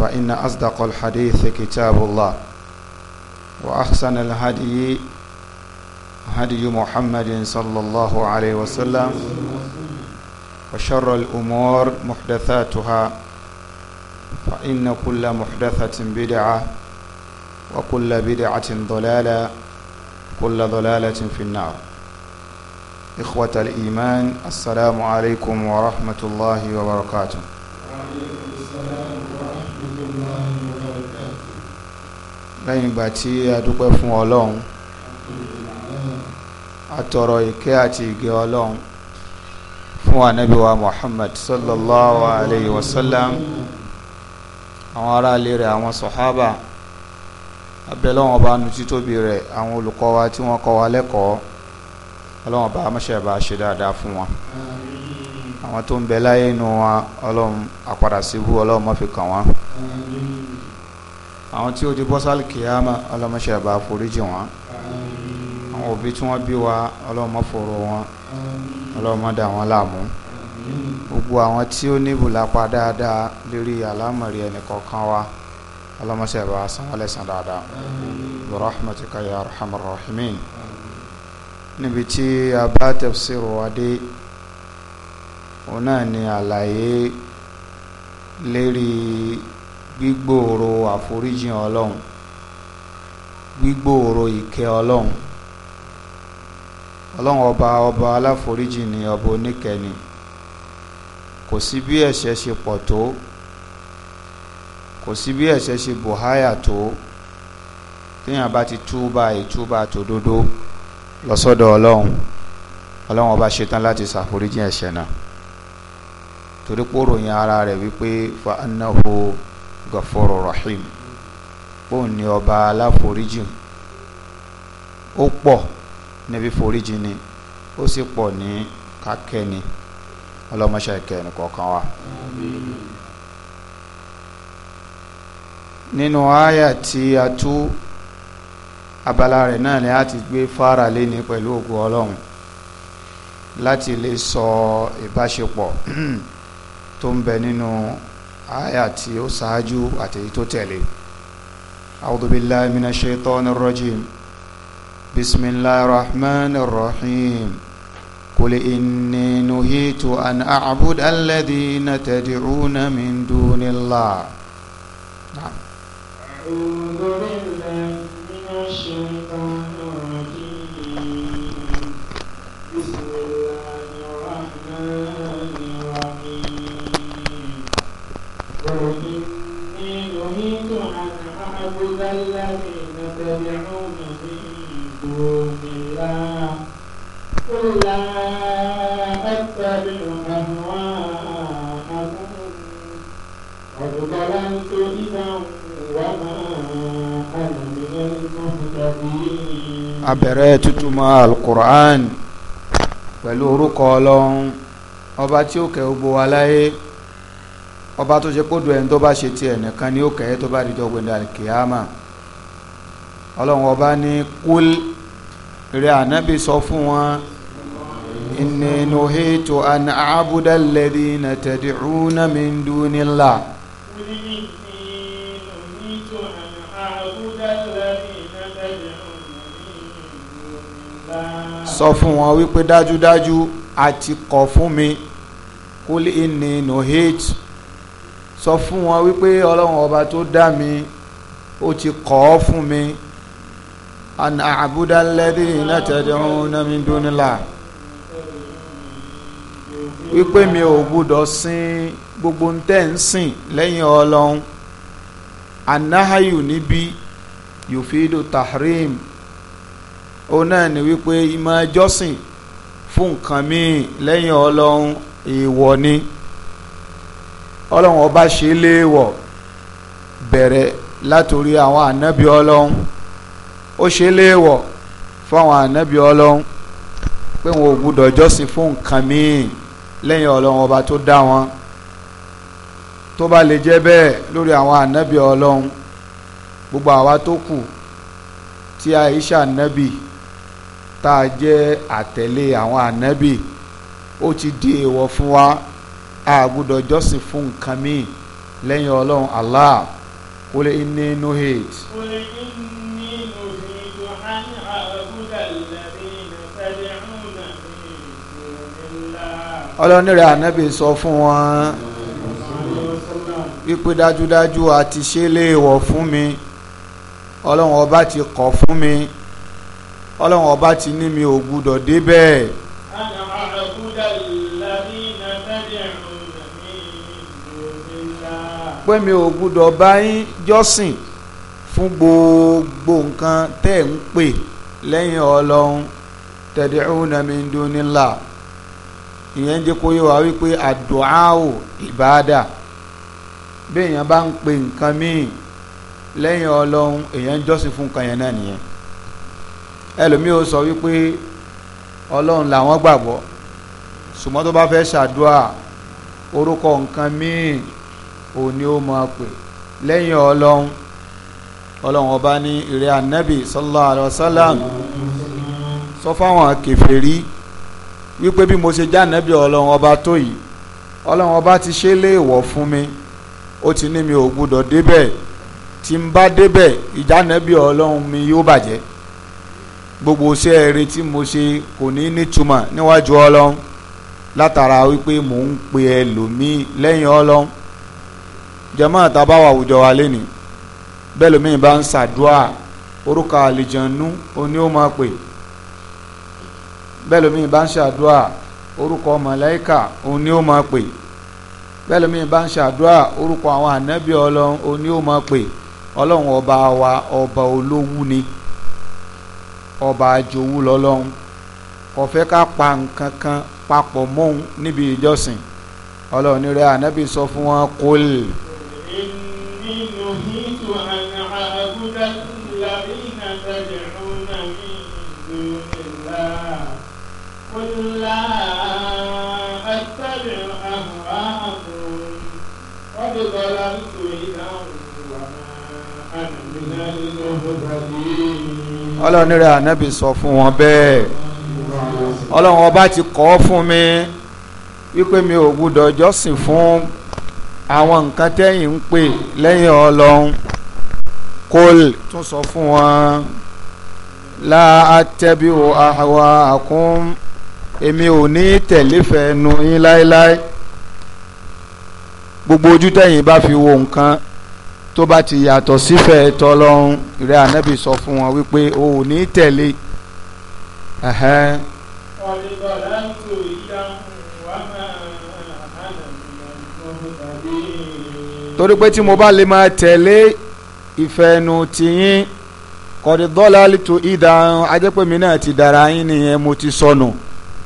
فإن أصدق الحديث كتاب الله وأحسن الهدي هدي محمد صلى الله عليه وسلم وشر الأمور محدثاتها فإن كل محدثة بدعة وكل بدعة ضلالة كل ضلالة في النار إخوة الإيمان السلام عليكم ورحمة الله وبركاته lẹ́yìn ìgbà tí a dúpẹ́ fún ọlọ́run atọrọ ìkẹ́ àti ìgẹ́ ọlọ́run fún ànábì muhammad sallallahu alayhi wa sallam àwọn ará ilé rẹ̀ àwọn sọ̀hábà abẹ́lẹ́wọ̀n bá nu títóbi rẹ̀ àwọn olùkọ́ wa tí wọ́n kọ́ wa lẹ́kọ̀ọ́ ọlọ́run bá amáṣẹ́ bá ṣe dáadáa fún wọn àwọn tó ń bẹ láyé inú wọn ọlọ́run àpàdà ọlọ́run má fi kàn wọ́n àwọn tí ó di bọ́sálì kìyàmà ọlọ́mọṣẹ́ àbá foríjì wọn àwọn òbí tí wọ́n bí wa ọlọ́mọ fòrò wọn ọlọ́mọ dà wọn láàmú gbogbo àwọn tí ó ní ìbùlápa dáadáa lérí àlámọ̀rí ẹnìkọ̀ọ̀kan wa ọlọ́mọṣẹ́ àbá san wọ́n lẹ́san dáadáa bi rahmatika ya arhamar rahimin níbi tí a bá tafsir wa òun náà ni àlàyé lérí gbígbòòrò àforíjìn ọlọ́run gbígbòòrò ìkẹ́ ọlọ́run ọlọ́run ọba ọba aláforíjìn ni ọba oníkẹ́ni kò sí bí ẹ̀ṣẹ̀ ṣe pọ̀ tó kò sí bí ẹ̀ṣẹ̀ ṣe bòháyà tó téèyàn bá ti túbà ìtúbà tòdodo lọ́sọ́dọ̀ ọlọ́run ọlọ́run ọba ṣetán láti ṣàforíjìn ẹ̀ṣẹ̀ náà torí pòròyìn ara rẹ̀ wípé fa annahu. gafuru rahim òun ni ọba aláforíjì ó pọ̀ níbi foríjì ni ó sì pọ̀ ní kákẹ́ni ọlọ́mọṣẹ́ ìkẹ́ni kọ̀ọ̀kan wa. nínú àyà tí a tú abala rẹ̀ náà ni a ti gbé fara léni pẹ̀lú ògùn ọlọ́run láti lè sọ ìbáṣepọ̀ tó ń bẹ nínú àyà tí ó ṣáájú àti èyí tó tẹ̀lé a'udhu billahi minash shaitanir rajim bismillahir rahmanir rahim qul inni nuhitu an a'buda alladhina tad'una min dunillah na'am a'udhu billahi minash shaitanir abẹ̀rẹ̀ tútùmọ̀ alukur'an pẹ̀lú orúkọ ọlọ́run ọba tí ó kẹ́ gbogbo wa láyé ọba tó ṣe kódò ẹni tó bá ṣe tiẹ̀ nìkan ni ó kẹ́ tó bá dìjọ́ gbẹ̀dẹ̀ alikiyama ọlọ́run ọba ní kúl rẹ̀ ànábì sọ fún wọn inni nuhitu an abudalladhina tad'una min dunillah. sọ fún wọn wípé dájúdájú a ti kọ̀ fún mi kólé ní nohate sọ fún wọn wípé ọlọ́run ọba tó dá mi ó ti kọ̀ ọ́ fún mi an a'buda alladhina tad'una min dunillah wípé mi ò gbúdọ̀ sin gbogbo ń ń sìn lẹ́yìn ọlọ́run anahayu níbí yufidu tahrim òun náà ni wípé ìmọ̀ ẹjọ́sìn fún nǹkan míì lẹ́yìn ọlọ́run èèwọ̀ ni ọlọ́run ọba ṣe léèwọ̀ bẹ̀rẹ̀ látòrí àwọn ànábì ọlọ́run ó ṣe léèwọ̀ fáwọn ànábì ọlọ́run pé wọn ò gbúdọ̀ jọ́sìn fún nǹkan míì lẹ́yìn ọlọ́run ọba tó dá wọn tó bá lè jẹ́ bẹ́ẹ̀ lórí àwọn ànábì ọlọ́run gbogbo àwa tó kù tí Aisha ànábì tá a jẹ́ àtẹ̀lé àwọn ànábì ó ti di èèwọ̀ fún wa a gbọ́dọ̀ jọ́sìn fún nǹkan míì lẹ́yìn ọlọ́run Allah qul inni nuhit. qul inni nuhit an a'buda alladhina tad'una min dunillah. ọlọ́run rẹ̀ ànábì sọ fún wọn wípé dájúdájú àti ṣe léèwọ̀ fún mi ọlọ́run ọba ti kọ̀ fún mi ọlọ́run ọba ti ní mi ò gbúdọ̀ débẹ̀. pé mi ò gbúdọ̀ bá yín jọ́sìn fún gbogbo nǹkan tẹ́ ń pè lẹ́yìn ọlọ́run tad'una min dunillah ìyẹn ń jẹ́ kó yé wa wípé àdùáwò ìbáadà bí èèyàn bá ń pè nǹkan míì lẹ́yìn ọlọ́run èèyàn jọ́sìn fún nǹkan yẹn náà nìyẹn ẹlòmíì ó sọ wípé ọlọ́run làwọn gbàgbọ́ ṣùgbọ́n tó bá fẹ́ ṣàdúà orúkọ nǹkan míì òní ó máa pè lẹ́yìn ọlọ́run ọlọ́run ọba ní ìrẹ́ ànábì sallallahu alaihi wasallam sọ fáwọn kèfèrí wípé bí mo ṣe já ànábì ọlọ́run ọba tó yìí ọlọ́run ọba ti ṣe léèwọ̀ fún mi ó ti ní mi ò gbúdọ̀ débẹ̀ tí n bá débẹ̀ ìjà ọlọ́run mi yóò bàjẹ́ gbogbo iṣẹ́ eré tí mo ṣe kò ní nítumọ̀ níwájú ọlọ́run látara wípé mò ń pe ẹlòmíì lẹ́yìn ọlọ́run jàmáà àtàbá wà àwùjọ wa lẹ́nu bẹ́ẹ̀ lómi bá ń ṣàdúà orúkọ àlìjànú oní ó máa pè bẹ́ẹ̀ lómi bá ń ṣàdúà orúkọ màláíkà oní ó máa pè bẹ́ẹ̀ lómi bá ń ṣàdúà orúkọ àwọn ànábì ọlọ́run oní ó máa pè ọlọ́run ọba wa ọba olówú ni. ọba àjòwú lọ́lọ́run kò fẹ́ ká pa nǹkan kan papọ̀ mọ́hun níbi ìjọsìn ọlọ́run rẹ̀ ànábì sọ fún wọn kol. Kúlá àtàlẹ̀ àwọn àbùrù, wọ́n ti bọ́lá nítorí náà wà máa ọlọ́run rẹ̀ ànábì sọ fún wọn bẹ́ẹ̀ ọlọ́run ọba ti kọ́ fún mi wípé mi ò gbúdọ̀ jọ́sìn fún àwọn nǹkan tẹ́yìn ń pè lẹ́yìn ọlọ́run kol tún sọ fún wọn la atẹ́bíwò àwa àkún èmi ò ní tẹ̀léfẹ̀ẹ́ nu yín láéláé gbogbo ojú tẹ́yìn bá fi wo nǹkan tó bá ti yàtọ̀ sífẹ̀ tọlọ́run rẹ̀ ànábì sọ fún wọn wípé o ò ní tẹ̀lé torí pé tí mo bá lè máa tẹ̀lé ìfẹ́nu tìyín kọ̀dí dọ́là tó ìdá ajẹ́pẹ̀mí náà ti dára yín nìyẹn mo ti sọnù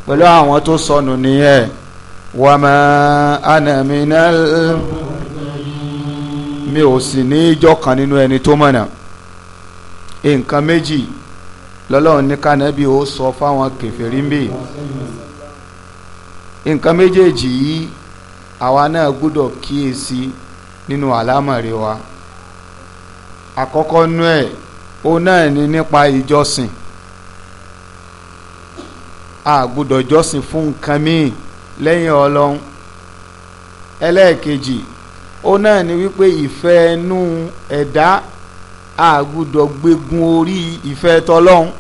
pẹ̀lú àwọn tó sọnù nìyẹn wàmà ànàmínà lọ́wọ́. mi ò sì ní ìjọ kan nínú ẹni tó mọ̀nà nǹkan méjì lọ́lọ́run ní kánẹ́bí ó sọ fáwọn kèfèrí ń bì nǹkan méjèèjì yìí àwa náà gbọ́dọ̀ kíyèsí nínú àlámọ̀rí wa àkọ́kọ́ nú ẹ̀ ó náà ní nípa ìjọsìn a gbọ́dọ̀ fún nǹkan míì lẹ́yìn ọlọ́run ó náà ni wípé ìfẹ́ ẹnu ẹ̀dá àgùdọ̀ gbégun orí ìfẹ́ tọlọ́hún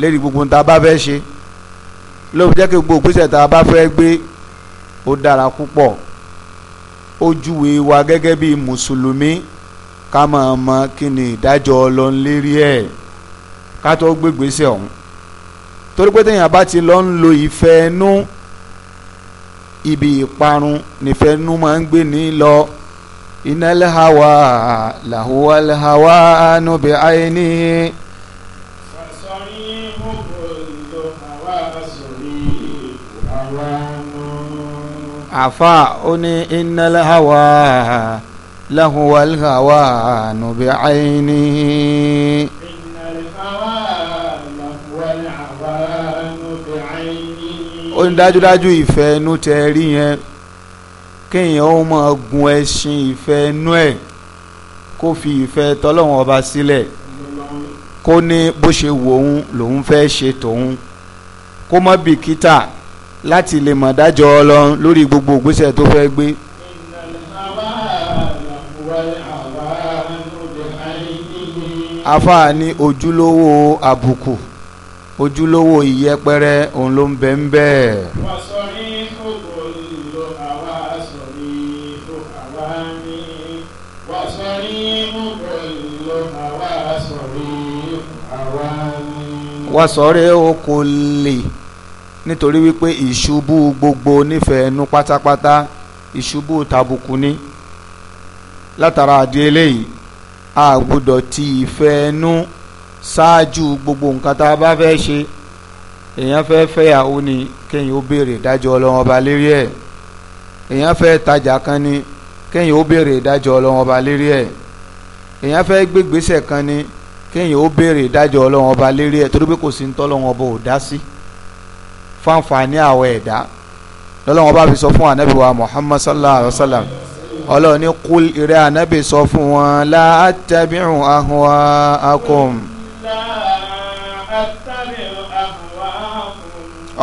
lérí gbogbo tá a bá fẹ́ ṣe ló fi jẹ́ kí gbogbo ògbésẹ̀ tá a bá fẹ́ gbé ó dára púpọ̀ ó júwe wa gẹ́gẹ́ bí mùsùlùmí ká máa mọ kí ni ìdájọ́ ọlọ́run lérí ẹ̀ ká tó gbégbèsè ọ̀hún torí pé téèyàn bá ti lọ ń lo ìfẹ́ ẹnu ibi ìparun nífẹ̀ẹ́ ẹnu máa ń gbé ní lọ. إن الهوى لهو الهوان بعينه فصريح عفا إن الهوى لهو الهوان بعينه إن الهوى لهو الهوان بعينه ó ń dájúdájú ìfẹ́ kéèyàn ó máa gun ẹṣin ìfẹ́ inú ẹ̀ kó fi ìfẹ́ tọ́lọ́wọ́n ọba sílẹ̀ kó ní bó ṣe wù òun lòun fẹ́ ṣe tòun kó má bìkítà láti lè mọ̀ dájọ́ ọlọ́run lórí gbogbo ìgbésẹ̀ tó fẹ́ gbé. àfáà ní ojúlówó àbùkù ojúlówó ìyẹpẹrẹ òun ló ń bẹ ń bẹ́ẹ̀. wasọ̀rẹ́ oko lè nítorí wípé ìṣubú gbogbo nífẹ̀ẹ́ ẹnu pátápátá ìṣubú tàbùkù ni látara àdé eléyìí a gbọ́dọ̀ ti ìfẹ́ ẹnu ṣáájú gbogbo nǹkan tá a bá fẹ́ ṣe èèyàn fẹ́ fẹ́yàwó ni kéèyàn ó béèrè ìdájọ́ ọlọ́wọ́n ọba lérí ẹ̀ èèyàn fẹ́ tajà kan ni kéèyàn ó béèrè ìdájọ́ ọlọ́wọ́n ọba lérí ẹ̀ èèyàn fẹ́ gbégbèsè kan ni kéèyàn ó béèrè ìdájọ́ ọlọ́run ọba lérí ẹ̀ torí pé kò sí ń tọ́lọ́run ọba ò dá sí fáǹfààní àwọn ẹ̀dá lọ́lọ́run ọba fi sọ fún ànábì wa Muhammad sallallahu alayhi wa sallam ọlọ́run ní kúl ìrẹ́ ànábì sọ fún wọn la attabi'u ahwa'akum.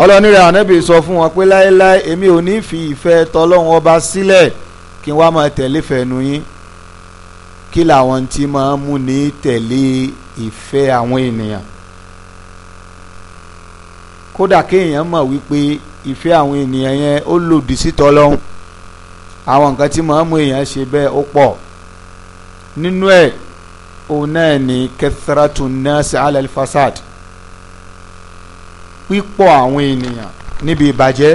ọlọ́run ìrẹ́ ànábì sọ fún wọn pé láéláé èmi ò ní fi ìfẹ́ tọ́lọ́run ọba sílẹ̀ kí n wá máa tẹ̀lé fẹ̀nu yín kí làwọn ti máa mú ní tẹ̀lé ìfẹ́ àwọn ènìyàn kódà kéèyàn mọ̀ wípé ìfẹ́ àwọn ènìyàn yẹn ó lòdì sí tọ́lọ́hún àwọn nǹkan tí màá mú èèyàn ṣe bẹ́ẹ̀ ó pọ̀ nínú ẹ̀ òun náà ní kẹsàràtù nọ́ọ̀sì alẹ́ fasad pípọ̀ àwọn ènìyàn níbi ìbàjẹ́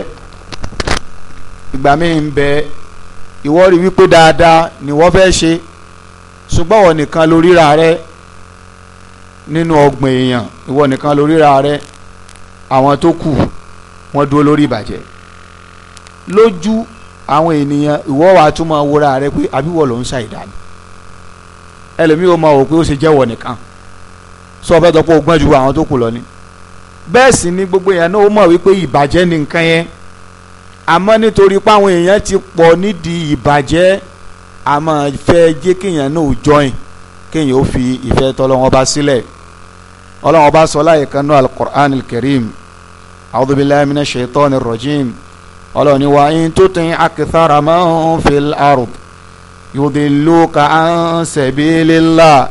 ìgbà míì ń bẹ ni wọ́n fẹ́ ṣe ṣùgbọ́n wọ́n nìkan lóríra nínú ọgbọ̀n èèyàn ìwọ nìkan lórí ra rẹ àwọn tó kù wọ́n dúró lórí ìbàjẹ́ lójú àwọn ènìyàn ìwọ wàá tún máa wúra rẹ pé àbíwọ ló ń ṣàìdá ni ẹlòmíì ó máa wò pé ó ṣe jẹ́wọ́ nìkan sọ fẹ́ tọ́ pé ó gbọ́n ju àwọn tó kù lọ ni bẹ́ẹ̀ sì ni gbogbo èèyàn náà ó mọ̀ wípé ìbàjẹ́ ni nǹkan yẹn àmọ́ nítorí páwọn èèyàn ti pọ̀ nídìí ìbàjẹ́ àmọ́ fẹ́ jẹ́ kéèyàn náà join kéèyàn ó fi ìfẹ́ tọ́lọ́wọ́n bá sílẹ̀ ọlọ́run ọba sọ láyé kanú alukur'an kareem awudubilayi mina shaitan rojim ọlọ́run ni wa in tutin akithara man fil arub yudilluka an sabilillah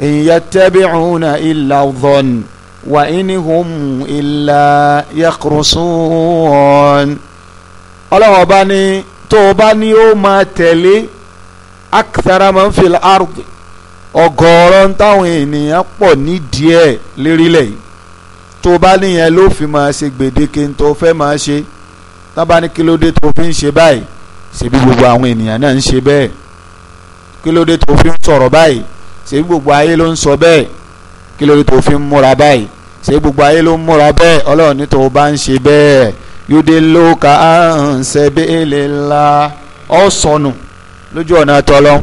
in yattabi'una illa dhann wa in hum illa yakhrusun ọlọ́run ọba ni tó o bá ní o máa tẹ̀lé akithara man fil arub ọ̀gọ̀ọ̀rọ̀ ń táwọn ènìyàn pọ̀ nídìí ẹ̀ lérílẹ̀ yìí tó bá nìyẹn ló fi máa ṣe gbèdéke tó fẹ́ máa ṣe tá bá ní kí ló dé tó fi ń ṣe báyìí ṣebí gbogbo àwọn ènìyàn náà ń ṣe bẹ́ẹ̀ kí ló dé tó fi ń sọ̀rọ̀ báyìí ṣebí gbogbo ayé ló ń sọ bẹ́ẹ̀ kí ló dé tó fi ń múra báyìí ṣebí gbogbo ayé ló ń múra bẹ́ẹ̀ ọlọ́run ní tó bá ń ṣe bẹ́ẹ̀ yóde ló ka ń ṣe ọ̀ sọnù lójú ọ̀nà tọ́lọ́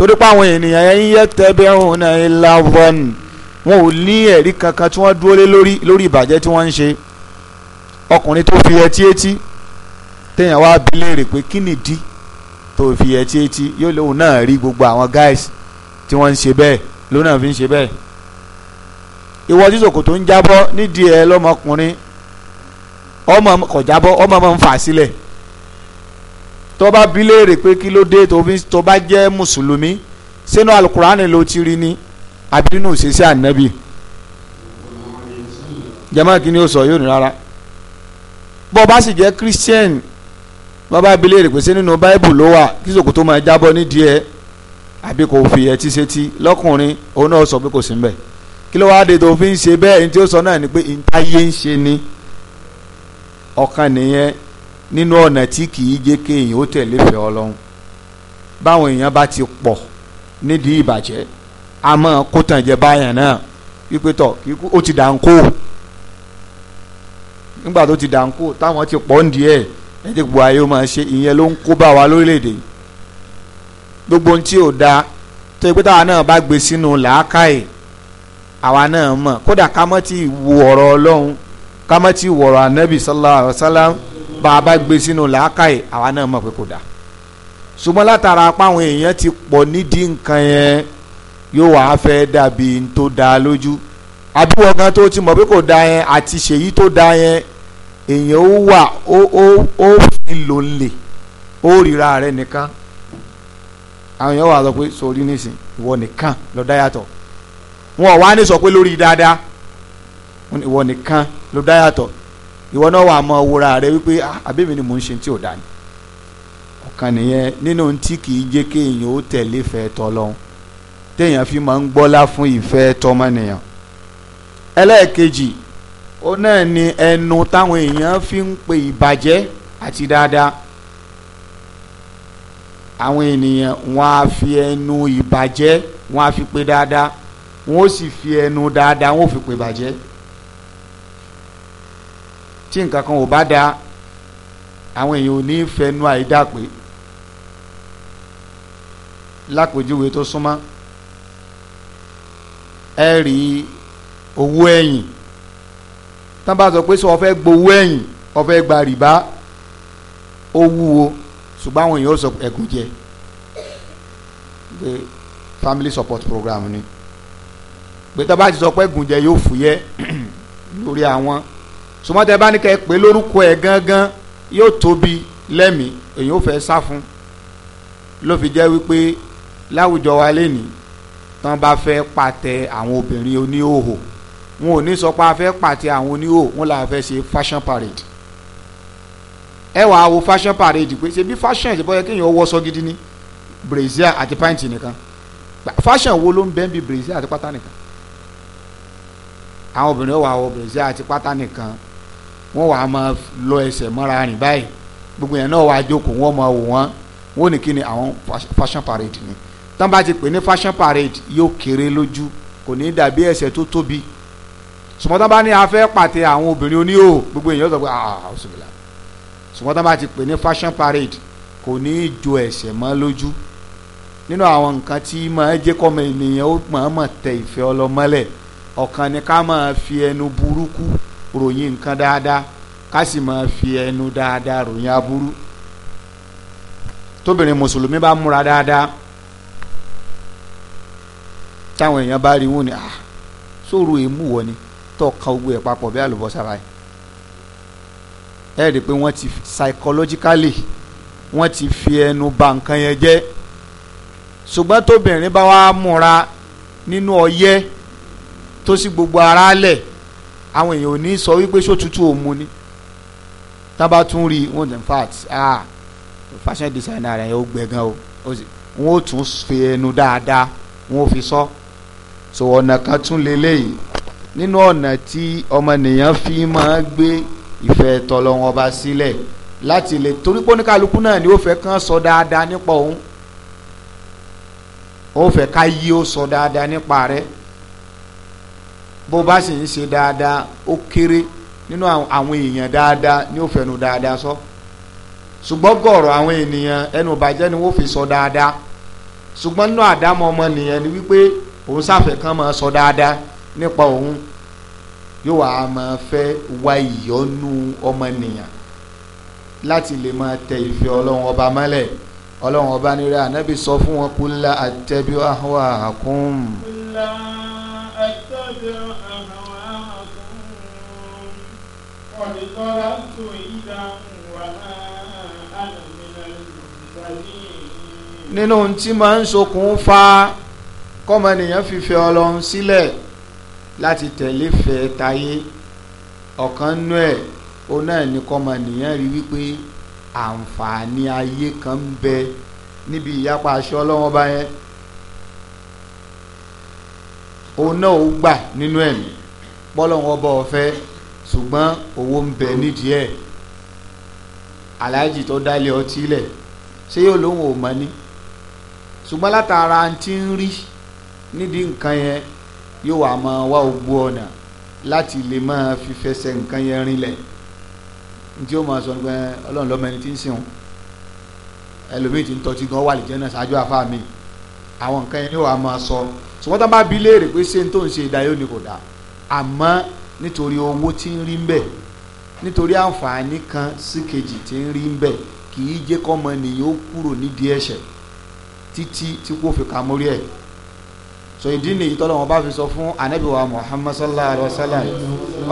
torí pé àwọn ènìyàn yẹn yẹ tẹbẹrún náà ilà wọn wọn ò ní ẹ̀rí kankan tí wọ́n dúró lé lórí lórí ìbàjẹ́ tí wọ́n ń ṣe ọkùnrin tó fi ẹtí etí téèyàn wá bi léèrè pé kí nìdí tó fi ẹtí etí yóò lóun náà rí gbogbo àwọn guys tí wọ́n ń ṣe bẹ́ẹ̀ lóun náà fi ń ṣe bẹ́ẹ̀ ìwọ tí ṣòkòtò ń jábọ́ nídìí ẹ lọ́mọkùnrin ọmọ kò jábọ́ ọmọ máa ń fà sílẹ̀ tó bá bi léèrè pé kí ló dé tó bá jẹ́ mùsùlùmí sínú alukurani ló ti rí ni àbí nínú ìṣesí ànábì jama kí ni sọ yóò ní rárá bó bá sì jẹ́ christian bàbá bi léèrè pé sí nínú bible ló wà kí sòkò tó máa jábọ́ nídìí ẹ̀ àbí kò fi ẹtí ṣetí lọ́kùnrin òun náà sọ pé kò sí mbẹ̀ kí ló wáá de tó fi ń ṣe bẹ́ẹ̀ ní tí ó sọ náà ni pé ìtayé ń ṣe ni ọ̀kan nìyẹn nínú ọ̀nà tí kì í jẹ́ kéèyàn ó tẹ̀lé fẹ́ ọlọ́run báwọn èèyàn bá ti pọ̀ nídìí ìbàjẹ́ a máa kó tàn jẹ báyàn náà wípé tọ̀ ó ti dà ń kó nígbà tó ti dà ń kó táwọn ti pọ̀ ń di ẹ̀ ẹ̀ ti gbọ́ ayé ó máa ṣe ìyẹn ló ń kó bá wa lórílẹ̀‐èdè gbogbo ohun tí ò dáa tó yẹ pé táwa náà bá gbé sínú làákàyè àwa náà mọ̀ kódà ká mọ́ ọlọ́run ká mọ́ ti sallallahu alaihi wasallam bá a bá gbé sínú làákàyè àwa náà mọ̀ pé kò dáa ṣùgbọ́n látara apá àwọn èèyàn ti pọ̀ nídìí nǹkan yẹn yóò wá fẹ́ dàbí n tó dáa lójú àbúrò kan tó ti mọ̀ pé kò dáa yẹn àti ṣèyí tó dáa yẹn èèyàn ó wà ó ó ó fi lò ń lè ó ríra rẹ nìkan àwọn èèyàn wà sọ pé sori nísìn ìwọ nìkan ló dá yàtọ̀ wọn ò wá ní sọ pé lórí dáadáa ìwọ nìkan ló dá yàtọ̀ ìwọ náà wà á mọ wúra rẹ wípé ah, àbẹ́mi ni mò ń ṣe tí ò dá ni ọ̀kan nìyẹn nínú tí kì í jẹ́ kéèyàn ó tẹ̀lé fẹ́ tọ́lọ́hún téèyàn fi máa ń gbọ́lá fún ìfẹ́ tọmọnìyàn ẹlẹ́ẹ̀kejì ó náà ni ẹnu táwọn èèyàn fi ń pe ìbàjẹ́ àti dáadáa àwọn ènìyàn wọn á fi ẹnu ìbàjẹ́ wọn á fi pe dáadáa wọn ó sì fi ẹnu dáadáa wọn ó fi pe ìbàjẹ́ tí nǹkan kan ò bá da àwọn èèyàn ò ní fẹnu àìdá pé lápèjúwe tó súnmọ́ ẹ rí owó ẹ̀yìn tán bá sọ pé sọ ọfẹ́ gbowó ẹ̀yìn ọfẹ́ gba rìbá ó wúwo ṣùgbọ́n àwọn èèyàn ó sọ ẹ̀gùn jẹ pé family support program ni pé tó bá ti sọ pé ẹ̀gùn jẹ yóò fúyẹ́ lórí àwọn ṣùgbọ́n tẹ bá ní kẹ́ ẹ pé lórúkọ ẹ̀ gangan yóò tóbi lẹ́mìí èyí ò fẹ́ sá fún ló fi jẹ́ wípé láwùjọ wa lẹ́nìí tán bá fẹ́ pàtẹ àwọn obìnrin oníhòhò wọn ò ní sọ pé a fẹ́ pàtẹ àwọn oníhòhò wọn là fẹ́ ṣe fashion parade ẹ wàá wo fashion parade pé ṣe bí fashion ṣe bọ́yẹ kéèyàn wọ́ṣọ gidi ní brazil àti pint nìkan fashion wo ló ń bẹ́ẹ̀ bí brazil àti pátá nìkan àwọn obìnrin wà wọ brazil àti pátá nìkan wọ́n wàá máa lọ ẹsẹ̀ mọ́ra rìn báyìí gbogbo yẹn náà wàá jókòó wọ́n máa wò wọ́n wọ́n ní kí ni àwọn fashion parade ni tán bá ti pè ní fashion parade yóò kéré lójú kò ní dàbí ẹsẹ̀ tó tóbi sùmọ́tàn bá ní afẹ́ pàtẹ àwọn obìnrin oníhò gbogbo èèyàn sọ pé ah ọ̀sùnmìlà ah, ah, sùmọ́tàn bá ti pè ní fashion parade kò ní í jo ẹsẹ̀ mọ́ lójú nínú àwọn nǹkan tí máa jẹ́ kọ́mọ ènìyàn ó máa mọ̀ tẹ ìfẹ́ ọlọ́mọlẹ̀ ọ̀kan ni ká máa fi ẹnu burúkú ròyìn nǹkan dáadáa ká sì máa fi ẹnu dáadáa ròyìn aburú tóbìnrin mùsùlùmí bá múra dáadáa táwọn èèyàn bá rí wọn ni ah sóru èémú wọ ni tó ka ogbó ẹ̀ papọ̀ bí àlùbọ́sà báyìí ẹ rí i pé wọ́n ti psychologically wọ́n ti fi ẹnu bà nǹkan yẹn jẹ́ ṣùgbọ́n tóbìnrin bá wá múra nínú ọyẹ́ tó sì gbogbo ara lẹ̀ àwọn èèyàn ò ní sọ wípé ṣó tútù òmu ni tá a bá tún rí wọn ní fat ah fashion designer rẹ̀ ó gbẹ gan o wọn ò tún fi ẹnu dáadáa wọn ò fi sọ so ọ̀nà kan tún lélẹ́yìí nínú ọ̀nà tí ọmọnìyàn fi máa gbé ìfẹ́ tọlọ́wọ́n ọba sílẹ̀ láti lè torí pé oníkàlùkù náà ni ó fẹ́ kàn sọ dáadáa nípa òun ó fẹ́ ká yí ó sọ dáadáa nípa rẹ̀ bó bá sì ń ṣe dáadáa ó kéré nínú àwọn èèyàn dáadáa ní ó fẹnu dáadáa sọ ṣùgbọ́n gọ̀ọ̀rọ̀ àwọn ènìyàn ẹnu ìbàjẹ́ ni wọ́n fi sọ dáadáa ṣùgbọ́n nínú àdámọ́ ọmọnìyàn ni wípé òun sáfẹ́ kan máa sọ dáadáa nípa òun yóò wá máa fẹ́ wá ìyọ́nú ọmọnìyàn láti lè máa tẹ ìfẹ́ ọlọ́run ọba mọ́lẹ̀ ọlọ́run ọba nírẹ́ ànábì sọ fún wọn kúlá àtẹ́bí ahwa àkúm. اتبع أهواءكم قد ضللت إذا وما أنا من المهتدين nínú tí máa ń ṣokùnfà kọ́mọnìyàn fífẹ́ ọlọ́run sílẹ̀ láti tẹ̀lé fẹ́ tayé ọ̀kan nú ẹ̀ ó náà ní kọ́mọnìyàn rí wípé àǹfààní ayé kan ń bẹ níbi ìyapa aṣọ ọlọ́wọ́n bá yẹn òun náà ó gbà nínú ẹ̀mí bọ́lọ́wọ́n bọ́ ọ fẹ́ ṣùgbọ́n owó ń bẹ nídìí ẹ̀ aláàjì tó dálé ọtí lẹ̀ ṣé yóò lóun ò mọ̀ ni ṣùgbọ́n látara ti ń rí nídìí nǹkan yẹn yóò wá máa wá ogbó ọ̀nà láti lè máa fi fẹsẹ̀ nǹkan yẹn rinlẹ̀ tí ó máa sọ pé ọlọ́run lọ́mọ ẹni tí ń sìn ẹlòmíì ti ń tọ́tí gan wà lè jẹ́ náà ṣáájú àfáà mi àwọn nǹkan yẹn yóò wá máa sọ. So ṣùgbọ́n tó bá bi léèrè pé ṣé n tó ń ṣe ìdáyọ̀ ni kò dá àmọ́ nítorí owó tí ń rí ń bẹ̀ nítorí àǹfààní kan sí kejì tí ń rí ń bẹ̀ kì í jẹ́ kọ́mọ nìyẹn ó kúrò nídìí ẹ̀ṣẹ̀ títí tí kò fi kà mórí ẹ̀ so ìdí nìyí tọ́lọ́ wọn bá fi sọ fún anabi muhammad sallallahu alayhi wa sallam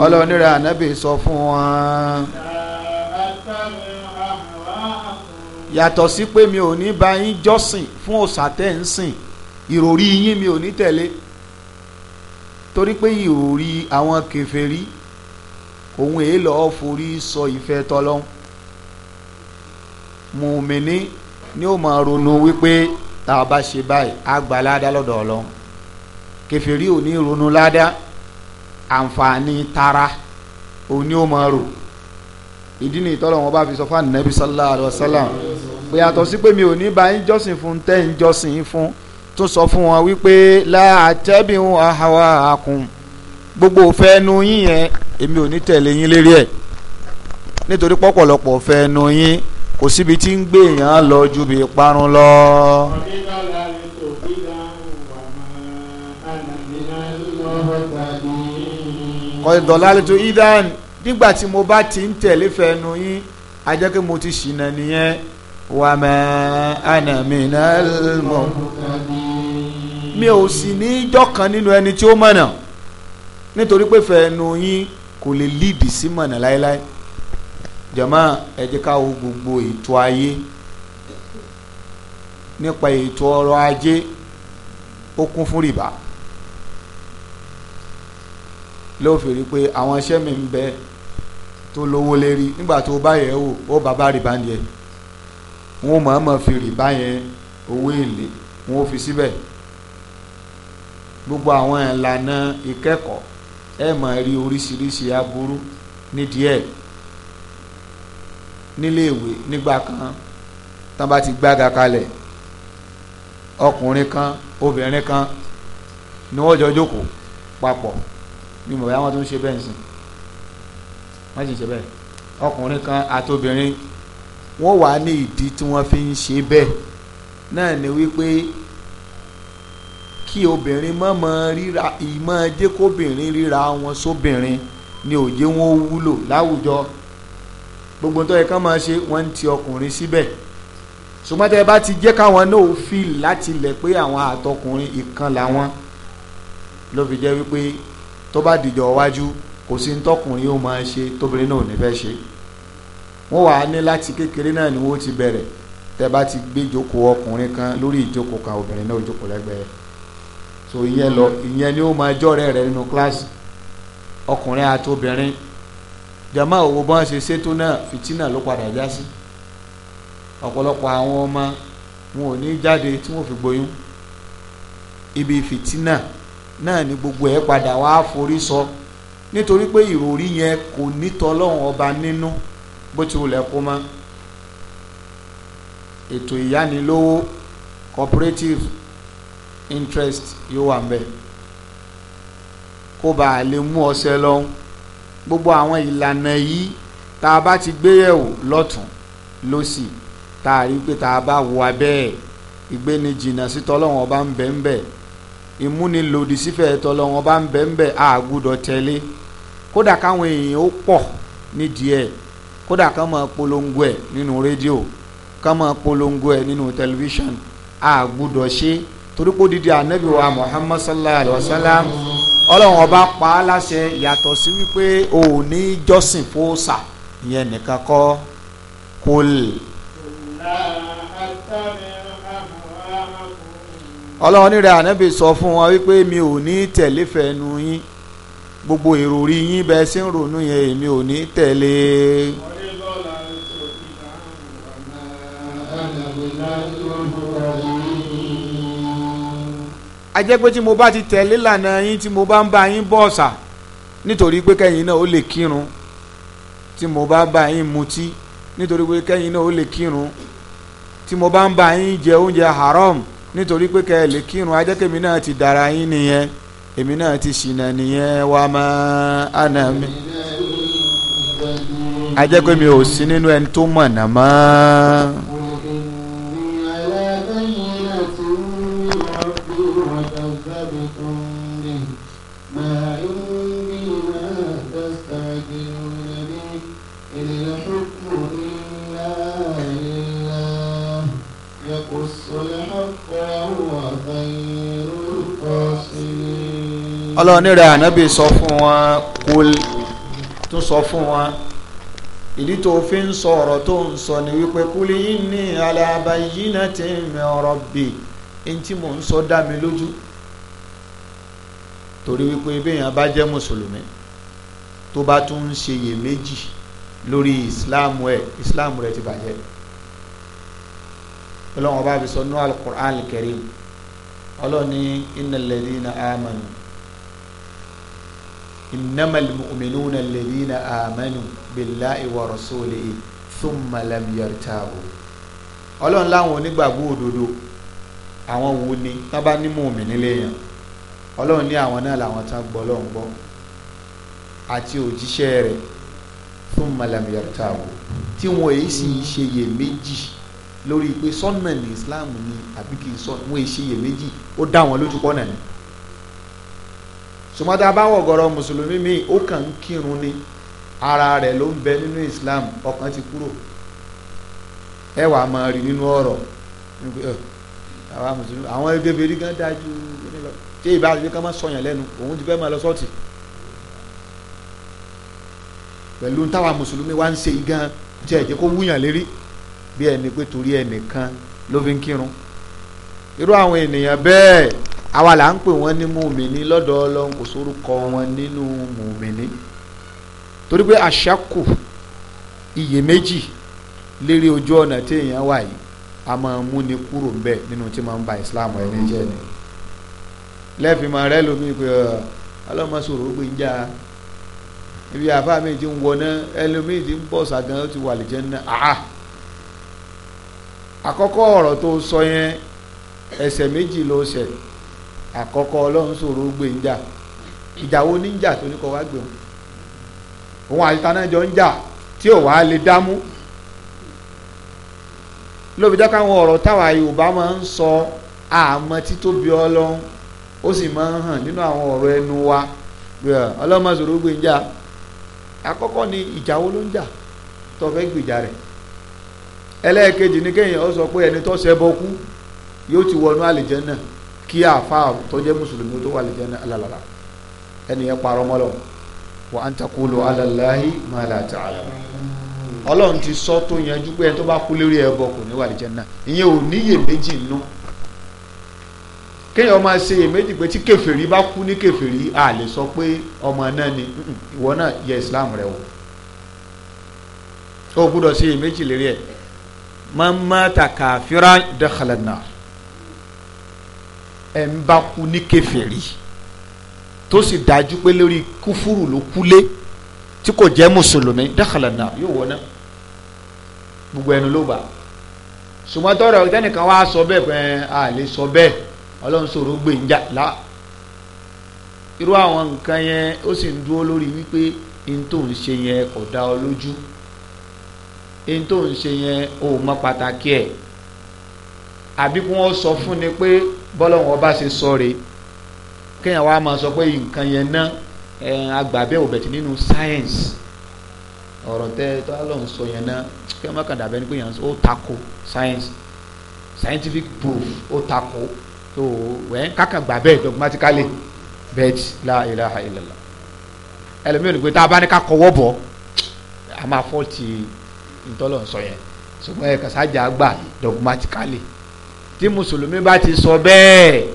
ọlọ́run rẹ̀ anabi sọ fún wọn. yàtọ̀ sí pé mi ò ní bá yín jọ́sìn fún òòṣà tẹ́ ń sìn ìròrí yín mi ò ní tẹ̀lé torí pé ìròrí àwọn kèfèrí òun èé lọ́ọ́ forí sọ ìfẹ́ tọ́lọ́hún mùmíní ni ó máa ronú wípé tá bá ṣe báyìí á gba ládàá lọ́dọ̀ ọlọ́hún kèfèrí ò ní ronú ládàá àǹfààní tara òun ni ó máa rò ìdí ni ìtọ́lọ̀ wọn bá fi sọ fún ànábì sallallahu alaihi wasallam pé yàtọ̀ pé mi ò ní bá yín jọ́sìn fún tẹ́ ń jọ́sìn fún tún sọ fún wọn wípé láàtẹ́bíhùn àhàwà àkùn gbogbo òfẹ́nu yín yẹn èmi ò ní tẹ̀lé yín lérí ẹ̀ nítorí pọ̀pọ̀lọpọ̀ òfẹ́nu yín kò síbi tí ń gbé èèyàn lọ ju bí parun lọ. kọ́ńdọ̀lálẹ́tò idan nígbà tí mo bá ti ń tẹ̀lé fẹ́nu yín a jẹ́ kí mo ti ṣìnà nìyẹn wàmẹ́ ànàmínà mọ̀ mi ò sì ní jọ́kan nínú ẹni tí ó mọ̀nà nítorí pé fẹ̀ẹ́nu yín kò lè líìdì sí mọ̀nà láéláé jàmá ẹ jẹ́ ká o gbogbo ètò ayé nípa ètò ọrọ̀ ajé ó kún fún rìbá ló fi rí pé àwọn iṣẹ́ mi ń bẹ tó lówó lérí nígbà tó bá yẹ̀ wò ó bàbá rìbá ń jẹ wọn ò mọ̀ọ́mọ̀ fi rìbá yẹn owó èlé wọn ò fi síbẹ̀ gbogbo àwọn ìlànà ìkẹ́kọ̀ọ́ ẹ máa rí oríṣiríṣi aburú nídìí ẹ̀ níléèwé nígbà kan tán bá ti gbága kalẹ̀ ọkùnrin kan obìnrin kan ni wọ́n jọ jókòó papọ̀ ni bàbá wọn tó ń ṣe bẹ́ẹ̀ ń sìn wọ́n sì ń ṣe bẹ́ẹ̀ ọkùnrin kan àti obìnrin wọ́n wà ní ìdí tí wọ́n fi ń ṣe bẹ́ẹ̀ náà ni wípé kí obìnrin mọ́mọ́ ríra ìmọ̀ jẹ́ kóbìnrin ríra wọn sóbìnrin ni òye wọn ó wúlò láwùjọ gbogbo tó yẹ kán máa ṣe wọ́n ń ti ọkùnrin síbẹ̀ ṣùgbọ́n tẹ́ bá ti jẹ́ káwọn náà fi láti lẹ̀ pé àwọn àtọkùnrin ìkan làwọn ló fi jẹ́ wípé tó bá dìjọ wájú kò sí ní tọkùnrin ó máa ṣe tóbìnrin náà ò ní fẹ́ ṣe wọ́n wàá ní láti kékeré náà ni wọ́n ti bẹ̀rẹ̀ tẹ́ bá ti gbé ìjókòó ọkùnrin kan lórí ìjókòó kan obìnrin náà ò lẹ́gbẹ̀ẹ́ so ìyẹn lọ ìyẹn ni ó máa jọ́rẹ́ rẹ nínú kíláàsì ọkùnrin àti obìnrin jama owó bọ́n ṣe ṣètò náà fìtínà ló padà já sí ọ̀pọ̀lọpọ̀ àwọn ọmọ wọn ò ní jáde tí wọ́n fi gboyún ibi fìtínà náà ni gbogbo ẹ̀ padà wá forí sọ nítorí pé ìròrí yẹn kò nítọ́ lọ́hùn ọba nínú bó ti wulẹ̀ kó mọ́ ètò ìyánilówó cooperative interest yóò wà mbẹ kó bá a lè mú ọsẹ lọ gbogbo àwọn ìlànà yìí tá a bá ti gbéyẹ̀wò lọ́tún lọ́sì tá a rí pé tá a bá wọ abẹ́ ìgbéni jìnnà sí tọ́lọ́wọ́n ọba ń bẹ ń bẹ ìmúnilòdì sífẹ̀ẹ́ tọ́lọ́wọ́n ọba ń bẹ ń bẹ a gbúdọ̀ tẹ̀lé kódà káwọn èèyàn ó pọ̀ nídìí ẹ̀ kódà ká máa polongo ẹ̀ nínú rédíò ká máa polongo ẹ̀ nínú tẹlifíṣàn a gbúdọ̀ ṣe torí pé odidi anabi wa muhammad sallallahu alayhi wa sallam ọlọ́run ọba pa á láṣẹ yàtọ̀ sí wípé o ò ní jọ́sìn fóòsà ìyẹn nìkan kọ́ kó lè. ọlọ́run nírẹ̀ ànábì sọ fún wọn wípé mi ò ní tẹ̀lé fẹ́nu yín gbogbo èrò orí yín bẹ́ẹ̀ sí ń ronú yẹn èmi ò ní tẹ̀lé. a pé tí mo bá ti tẹ̀lé lànà yín tí mo bá ń bá yín bọ́ọ̀sà nítorí pé kẹ́yìn náà ó lè kírun tí mo bá bá yín mutí nítorí pé kẹ́yìn náà ó lè kírun tí mo bá ń bá yín jẹ oúnjẹ haram nítorí pé kẹ́ ẹ lè kírun a jẹ́ kẹ́mi náà ti dara yín nìyẹn èmi náà ti ṣìnà nìyẹn wàá máa ànà mi a jẹ́ pé mi ò sí nínú ẹni tó mọ̀nà ọlọ́run ní rẹ̀ ànábì sọ fún wọn kò tún sọ fún wọn ìdí tó fi ń sọ ọ̀rọ̀ tó ń sọ ni wípé kúlí yìí ní alába yìí náà ti ń mi ọ̀rọ̀ bì ẹni tí mò ń sọ dá mi lójú torí wípé béèyàn bá jẹ́ mùsùlùmí tó bá tún ń ṣeyèméjì lórí ìsìláàmù ẹ̀ ìsìláàmù rẹ̀ ti bàjẹ́ ọlọ́run ọba àbísọ nínú alukur'an karim ọlọ́run ní innal ladhina amanu innamal mu'minuna alladhina amanu billahi wa rasulihi thumma lam yartabu ọlọ́run láwọn onígbàgbọ́ òdodo àwọn wo ni tán bá ní mùmínì léèyàn ọlọ́run ní àwọn náà làwọn tán gbọ́ ọlọ́run gbọ́ àti òjíṣẹ́ rẹ̀ thumma lam yartabu tí wọn èyí sì ń ṣe iyèméjì lórí pé sọ́nà ní islam ni àbí kì í sọ wọn èṣiyèméjì ó dá wọn lójú pọ́nà ni sùmọ́tà báwọ̀ gọ̀rọ̀ mùsùlùmí mi ó kàn ń kírun ni ara rẹ̀ ló ń bẹ nínú islam ọkàn ti kúrò ẹ wàá máa rí nínú ọ̀rọ̀ àwọn mùsùlùmí àwọn ebèbèrè gan dájú tí ìbá rẹ̀ ká má sọyàn lẹ́nu òun ti fẹ́ máa lọ sọ́ọ̀tì pẹ̀lú táwa mùsùlùmí wá ń ṣe igan jẹ́ ẹ̀jẹ̀ kó wúyàn lérí bí ẹni pé torí ẹnìkan ló fi ń kírun irú àwọn ènìyàn bẹ́ẹ̀ àwa là ń pè wọ́n ní mùmíní lọ́dọ̀ ọlọ́run kò sórúkọ wọn nínú mùmíní torí pé àṣàkù iyèméjì lérí ojú ọ̀nà tí èèyàn wà yìí a máa ni nínú tí máa ń ba Islam ẹni jẹ́ ni lẹ́fìmọ̀ rẹ lómi pé ọlọ́mọsòrò ó gbé ń já ibi àfáà mi ti ń wọná ẹlòmíì ti ń bọ̀ ṣàgán ó ti wà àkọ́kọ́ ọ̀rọ̀ tó sọ yẹn ẹsẹ̀ méjì ló ṣẹ̀ àkọ́kọ́ ọlọ́run sòro gbé ń jà ìjà wo ní tó ní kọ wá gbé wọn òun àti tanájọ ń jà tí ò wá lè dámú lóbi jẹ́ káwọn ọ̀rọ̀ táwa Yorùbá máa ń sọ àmọ́ títóbi ọlọ́run ó sì máa ń hàn nínú àwọn ọ̀rọ̀ ẹnu wa ọlọ́run máa sòro gbé ń jà àkọ́kọ́ ni ìjà wo ló ń jà tó fẹ́ gbèjà rẹ̀ ẹlẹ́ẹ̀kejì ní kéèyàn ó sọ pé ẹni tó ṣẹbọ kú yóò ti wọnú àlìjẹ́nà kí àáfàá tó jẹ́ mùsùlùmí tó wà àlìjẹ́nà alàlàlà ẹni yẹn parọ́ mọ́ lọ wa an ala Allahi ti sọ tó yanjú pé ẹni tó bá kú lórí ẹbọ kò ní wà àlìjẹ́nà ìyẹn ò níyè méjì nù kéèyàn máa ṣe pé tí bá kú ní a lè sọ ni ìwọ náà yẹ Islam rẹ o gbúdọ̀ ṣe lérí ẹ̀ man mata kafiran dakhala an-nar ẹ̀ ń bá kú ní kèfèrí tó sì dájú pé lórí kúfúrú ló kúlé tí kò jẹ́ mùsùlùmí dakhala an-nar yóò wọ́n náà gbogbo ẹnu ló bá ṣùgbọ́n tọrọ tẹnìkan wá sọ bẹ́ẹ̀ pé a lè sọ bẹ́ẹ̀ ọlọ́run sọ̀rọ̀ gbé irú àwọn nǹkan yẹn ó sì ń dúró lórí wípé n ṣe yẹn kò dá ọ lójú ẹni tó ń ṣe yẹn ò mọ pàtàkì ẹ̀ àbí kí wọ́n sọ fún ni pé bọ́lọ́wọ́n bá ṣe sọ rè kéèyàn wá máa sọ pé nǹkan yẹn ná agbábẹ́ òbẹ̀tì nínú sáyẹ́ǹsì ọ̀rọ̀ tẹ́ tọ́lọ́run sọ yẹn ná kí wọ́n má kàn dàbẹ́ ni pé yẹn ó takò sáyẹ́ǹsì scientific proof ó takò tó wẹ́ kákan gbàbẹ́ dogmatically bet la ilaha illallah ẹlòmíràn ni pé tá a bá ní ká kọwọ́ bọ̀ a máa fọ́ ti ntọ́lọ̀ sọ yẹn ṣùgbọ́n ẹ̀ka sájà gbà dogmatically tí mùsùlùmí bá ti sọ bẹ́ẹ̀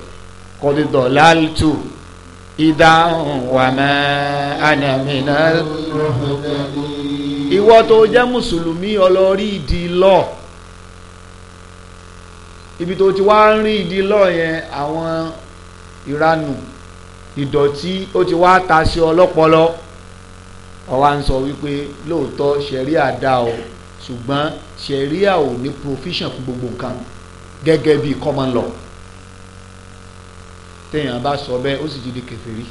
kọ́dídọ̀ láàlùtù ìdáhùn wàmẹ́ ànàmínà ìwọ tó jẹ́ mùsùlùmí ọlọ́rí ìdí lọ ibi tó ti wá ń rí ìdí lọ yẹn àwọn ìranù ìdọ̀tí ó ti wá ta ọlọ́pọlọ ó ń sọ wípé lóòótọ́ ṣẹ̀ríà dá o ṣùgbọ́n ṣẹ̀ríà ò ní provision fún gbogbo nǹkan gẹ́gẹ́ bí common law téèyàn bá sọ bẹ́ẹ̀ ó sì ti di kèfèrí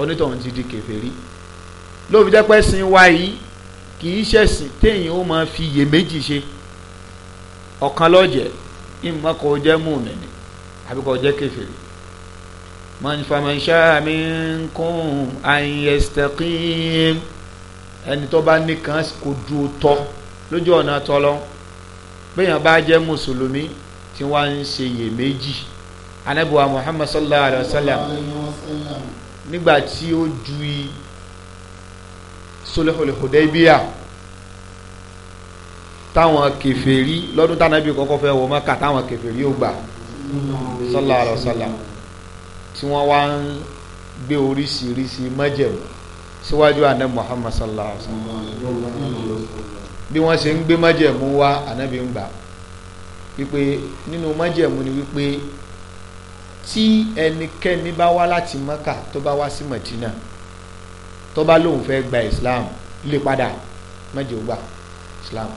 onítọ̀hún ti di kèfèrí lóbi jẹ́ pé sin wa yìí kì í ṣẹ̀sìn téèyàn ó máa fi iyèméjì ṣe ọ̀kan lọ́jẹ̀ ìmọ̀ kò jẹ́ mùmínì àbí kò jẹ́ kèfèrí man faman sha'a minkum an yastaqim ẹni tó bá nìkan kò du tọ́ lójú ọ̀nà tọ́lọ́ bẹ́yàn bá jẹ́ mùsùlùmí tí wọ́n ń ṣe iyèméjì anábìwá muhammad sallallahu alayhi wa sallam nígbà tí ó ju sulhul hudaybiyah táwọn kèfèrí lọ́dún tánàbí kọ́kọ́ fẹ́ wọ Mákà táwọn kèfèrí ó gbà sallallahu alayhi wa sallam tí wọ́n wá ń gbé oríṣiríṣi májẹ̀mú síwájú àná Muhammad sallallahu alaihi wasallam bí wọ́n ṣe ń gbé májẹ̀mú wá ànábì ń gbà wípé nínú májẹ̀mú ni wípé tí ẹnikẹ́ni bá wá láti Mẹ́kà tó bá wá sí Mẹ̀dínà tó bá lóun fẹ́ gba Islam lè padà mẹ́jọ gbà Islam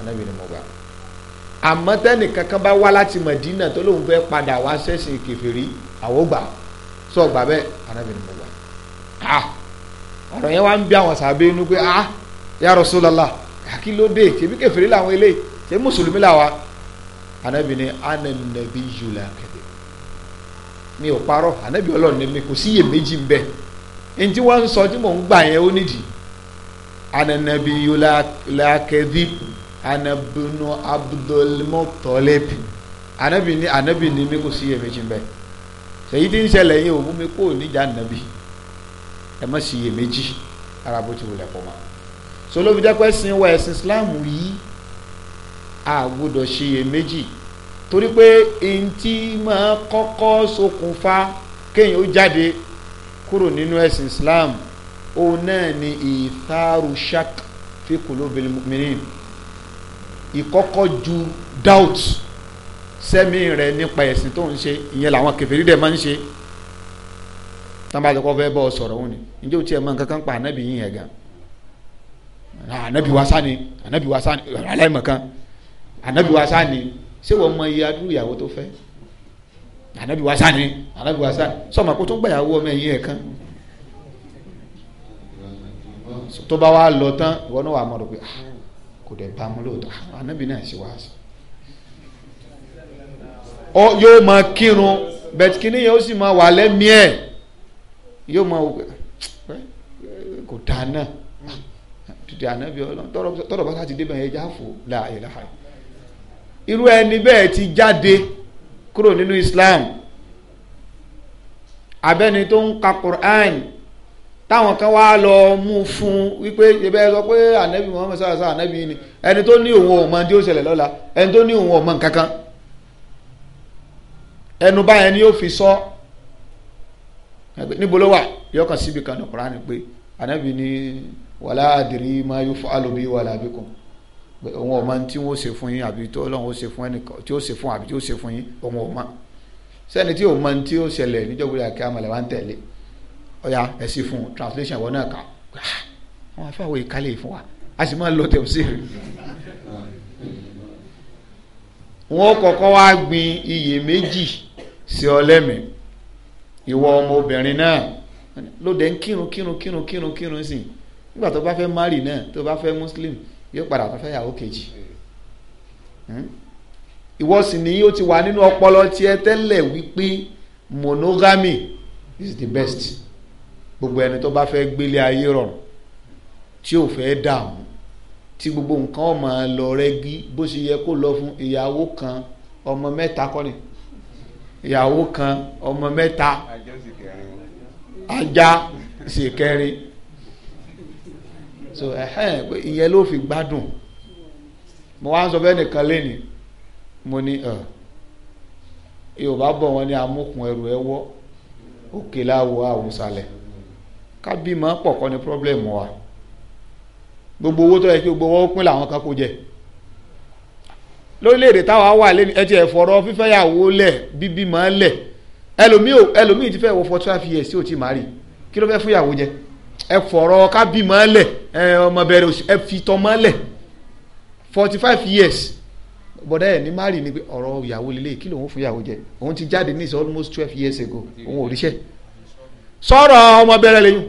ànábì ni mo gbà àmọ́ tẹ́nì kankan bá wá láti Mẹ̀dínà tó lóun fẹ́ padà wá ṣẹ̀sìn kèfèrí àwọ̀ gbà sọ̀ bẹ́ẹ̀ ànábì ni mo gbà ah ọ̀rọ̀ yẹn wá ń bí àwọn sàbẹ̀ inú pé ah ya Rasulullah ah, kí ló dé tèmi kèfèrí làwọn eléyìí tèmi mùsùlùmí làwa anabi ni ananabi yula kẹfẹ mi ò parọ́ anabi Ọlọ́run ni mi kò sí iye méjì ń bẹ ntí wọn ń sọ tí mò ń gbà yẹn ó nídìí ananabi yula kẹfẹ anabinu abdulmutalib anabi ni anabi ni mi kò sí iye méjì ń bẹ sèyí tí ń ṣẹlẹ̀ yẹn ò mi kó o níjà nàbí ẹ má sì iyèméjì ara bó ti wulẹ̀ pọ̀ mọ́ so ló ẹ̀sìn wa ẹ̀sìn Islam yìí a gbọ́dọ̀ ṣe iyèméjì torí pé ẹni tí máa kọ́kọ́ ṣokùnfà kéèyàn ó jáde kúrò nínú ẹ̀sìn Islam òun náà ni ìtharu shak fi qulubil mu'minin ìkọ́kọ́ ju doubt sẹ́mi rẹ̀ nípa ẹ̀sìn tó ń ṣe ìyẹn làwọn kèfèrí dẹ̀ máa ń ṣe tán bá lọ kọ́ fẹ́ bọ́ sọ̀rọ̀ òun ni ǹjẹ́ o tiẹ̀ mọ nǹkan kan pa ànábì yín yẹn gan ànábì wa sani ànábì wa sani aláìmọ̀ kan ànábì wa sani ṣé wọ́n mọ iye adúrú ìyàwó tó fẹ́ ànábì wa sani anabi wa sani sọ̀mọ̀ kó tó gbàyàwó ọmọ ẹ̀yìn ẹ̀ kan tó wa lọ tán ìwọ náà wà á mọ̀ rò pé ah, kò dẹ̀ bá mu lóòótọ́ ah, ànábì náà ṣe wàásù yóò máa kírun bẹ̀tìkínní yẹn ó sì máa wà lẹ́mìí yóò mọ kò dáa náà títí ànábì ọlọ́run tọ́rọ̀ bá sáti débẹ̀ yẹn já fò láàyè láàyè irú ẹni bẹ́ẹ̀ ti jáde kúrò nínú Islam abẹ́ni tó ń ka Quran táwọn kan wá lọ mú fún wípé ibẹ̀ sọ pé ànábì Muhammad sallallahu alaihi wasallam ànábì ni ẹni tó ní òun ò mọ tí ó ṣẹlẹ̀ lọ́la ẹni tó ní òun ò nǹkan kan ẹnu báyẹn ni yóò fi sọ níbo ló wà yọkàn síbi kan ní Kùránì pé ànábì ní wàlá àdìrí máa yóò fọ àlòbí wàlá àbí kan òun ọmọ tí wọn se fún yín àbí tí Ọlọ́run ó ṣe fún ẹnìkan tí ó ṣe fún àbí tí ó ṣe fún yín òun ọmọ sẹ́ni tí òun mọ tí ó ṣẹlẹ̀ níjọba kí amọ̀lẹ̀ wá ń tẹ̀lé ọ̀ya ẹ̀sì fún translation ìwọ náà kà ah, àwọn afáwọ̀ ìkálẹ̀ fún wa a sì máa ń lọ tẹ̀ sí i. wọ́n kọ́kọ́ wá gbin iyèméjì sí ọlẹ́mìí ìwọ ọmọ obìnrin náà lóde ń kírun kírun kírun kírun kírun sí nígbà tó bá fẹ́ mari náà tó bá fẹ́ muslim yóò padà tó fẹ́ yàwó kejì hmm? ìwọ sì ni ó ti wà nínú ọpọlọ tiẹ̀ tẹ́lẹ̀ wípé monogamy is the best gbogbo ẹni tó bá fẹ́ gbélé ayé rọrùn tí ò fẹ́ dààmú tí gbogbo nǹkan ó máa lọ rẹ́gí bó ṣe yẹ kó lọ fún ìyàwó kan ọmọ mẹ́ta kọ́ni ìyàwó kan ọmọ mẹ́ta ajá sì kẹrin so ìyẹn ló fi gbádùn mo wá ń sọ bẹ́ẹ̀ nìkan lẹ́nìí mo ní yorùbá bọ̀ wọ́n ní amúkùn ẹrù ẹ òkè láwo àwòsàlẹ̀ kábímọ pọ̀ kọ́ ni pọ́blẹ́mù wa gbogbo owó tó yẹ kí gbogbo owó pín làwọn kan kó jẹ lórílẹ̀‐èdè táwa wà lẹ́nu ẹ ti ẹ̀ fọ̀rọ̀ fífẹ́yàwó lẹ̀ bíbí máa lẹ̀ ẹlòmíì ẹlòmíì ti fẹ́ wọ for twelve years tí ò ti máa rí kí ló fẹ́ fúyàwó jẹ ẹ fọ̀rọ̀ ká bí máa lẹ̀ ẹ ọmọ bẹ̀rẹ̀ oṣù ẹ fi tọ́ máa lẹ̀ forty five years bọ̀dá ẹ̀ ní máa ni pé ọ̀rọ̀ ìyàwó lélẹ̀ kí lòun fúyàwó jẹ òun ti jáde ní almost twelve years ago òun ò ríṣẹ́ sọ̀rọ̀ ọmọ bẹ̀rẹ̀ lẹ́yìn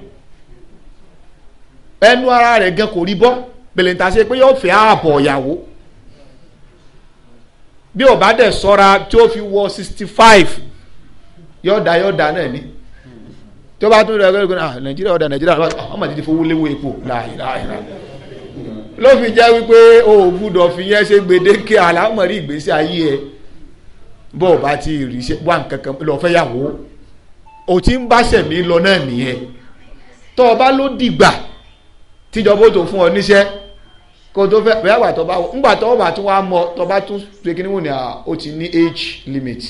ẹnu ara rẹ̀ gan kò rí bọ́ bẹ̀lẹ̀ ń pé yóò fẹ́ ààbọ̀ ìyàwó bí ò bá dẹ̀ sọ́ra tí ó fi wọ sixty five yọ̀ọ̀dà yọ̀ọ̀dà náà ni tí ó bá tún rẹ̀ gbẹ́gbẹ́ ah nàìjíríà ọ̀dà nàìjíríà ọmọ ti di fowó léwó epo láìláìlá ló fi jẹ́ wípé o ò gbúdọ̀ fi yẹn ṣe gbèdéke àlámọ̀rí ìgbésí ayé ẹ bó o bá ti rí iṣẹ́ wà nkankan lọ fẹ́ yàwó o ti ń bá sẹ̀mí lọ náà nìyẹn tó o bá ló dìgbà tíjọba ó tó fún ọ níṣẹ́ kó tó fẹ́ bẹ́ẹ̀ wà tó bá wọ ńgbà tó bá tún wá mọ tó bá tún ṣe kíní wò ní ó ti ní age limit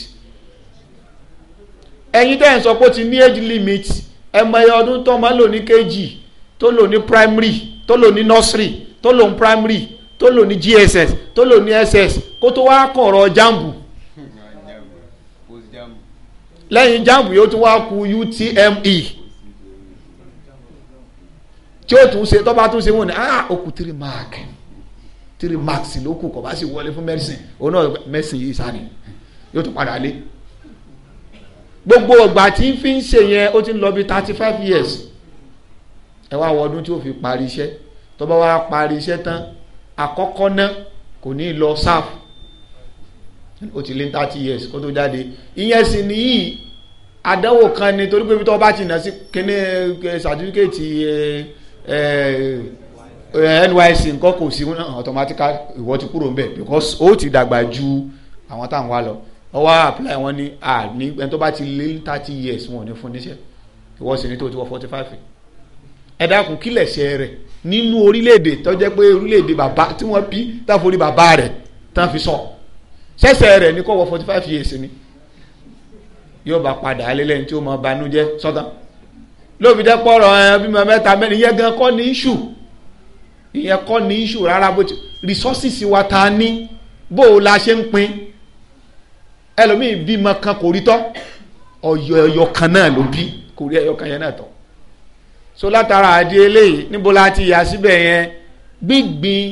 ẹ̀yin tẹ́ ẹ̀ ń sọ pé ó ti ní age limit ẹ mọ ẹyọ ọdún tó máa lò ní kejì tó lò ní primary tó lò ní nursery tó lò ní primary tó lò ní gss tó lò ní ss kó tó wá kọ̀rọ̀ jambu lẹ́yìn jambu yóò tún wá ku utme tí ó tún ṣe tó bá tún ṣe wọ́n ní ah ó kù three mark three marks ló kù kò bá sì wọlé fún medicine òun náà medicine yìí sani yóò tún padà lé gbogbo ọgbà tí ń fi ń ṣe yẹn ó ti ń lọ bí thirty five years ẹ wá wọ ọdún tí ó fi parí iṣẹ́ tó bá wá parí iṣẹ́ tán àkọ́kọ́ náà kò ní lọ sáf ó ti lé thirty years kó tó jáde ìyẹn sì nìyí àdánwò kan ni torí pé bí tó bá ti nà sí kíní eh, certificate ẹ eh, ẹ. Eh, Eh, NYC nǹkan kò sí automatically ìwọ ti kúrò ńbẹ̀ because ó ti dàgbà ju àwọn táwọn wa lọ ọ wá apply wọn ní à ní ẹni tó bá ti lé thirty years wọn ò ní fún níṣẹ́ ìwọ sì ní tó ti forty five ẹ dákun kílẹ̀ṣẹ̀ rẹ̀ nínú orílẹ̀-èdè tó jẹ́ pé orílẹ̀-èdè bàbá tí wọ́n bí táforí bàbá rẹ̀ tán fi sọ ṣẹ̀ṣẹ̀ rẹ̀ ní kó wọ forty five years ni yóò bá padà alẹ́lẹ́yìn tí ó máa banújẹ́ sọ́tàn lóbi jẹ́ pọ̀rọ̀ ẹ̀ eh, bímọ mẹ́ta mẹ́rin yẹn gan kọ́ ní issue ìyẹn kọ́ ní iṣu rárá bó ti resources wa ta ní bó o la ṣe ń pín ẹlòmíì bímọ kan kò rí tọ́ ọ̀yọ̀ ẹ̀yọ̀ kan náà ló bí kò rí ẹ̀yọ̀ kan yẹn náà tọ́ so látara àdé eléyìí níbo la ti yà síbẹ̀ yẹn gbígbin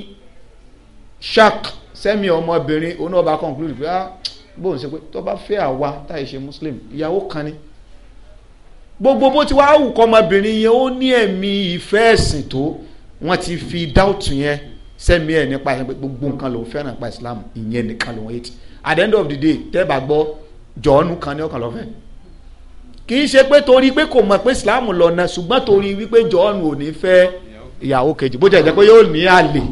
shark sẹ́mi ọmọbìnrin oní ọba conclude pé ah bóun ṣe pé tó bá fẹ́ àwa táyì ṣe muslim ìyàwó kan ni gbogbo bó ti wá wù kọ́ ọmọbìnrin yẹn ó ní ẹ̀mí ìfẹ́ ẹ̀sìn tó wọ́n ti fi dáùtù yẹn sẹ́mi ẹ̀ nípa ẹ̀ gbogbo nǹkan lòun fẹ́ràn nípa Islam ìyẹn nìkan lòun ètì at the end of the day tẹ́ẹ̀bà gbọ́ jọ̀ọ́nù kan ní ọkàn lọ́fẹ̀ẹ́ kì í ṣe pé torí pé kò mọ̀ pé Islam lọ́nà ṣùgbọ́n torí wípé jọ̀ọ́nù ò ní fẹ́ ìyàwó kejì bó jẹ́ jẹ́ pé yóò ní àlè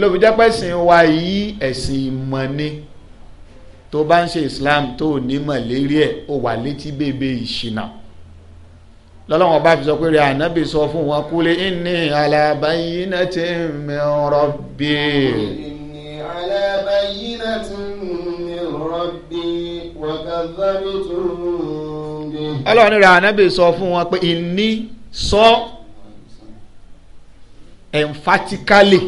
lóbi jẹ́ pé ẹ̀sìn wa yìí ẹ̀sìn ìmọ̀ ni tó bá ń ṣe Islam tó ò ní mọ̀ lérí ẹ̀ ó wà létí bèbè ìṣìnà lọ́lọ́wọ́n bá fi sọ pé rẹ̀ ànábì sọ fún wọn kúlé inni ala bayyinatin min rabbi. inni ala bayyinatin min rabbi wa kadhabtum bihi. ọlọ́run rẹ̀ ànábì sọ fún wọn pé inni sọ emphatically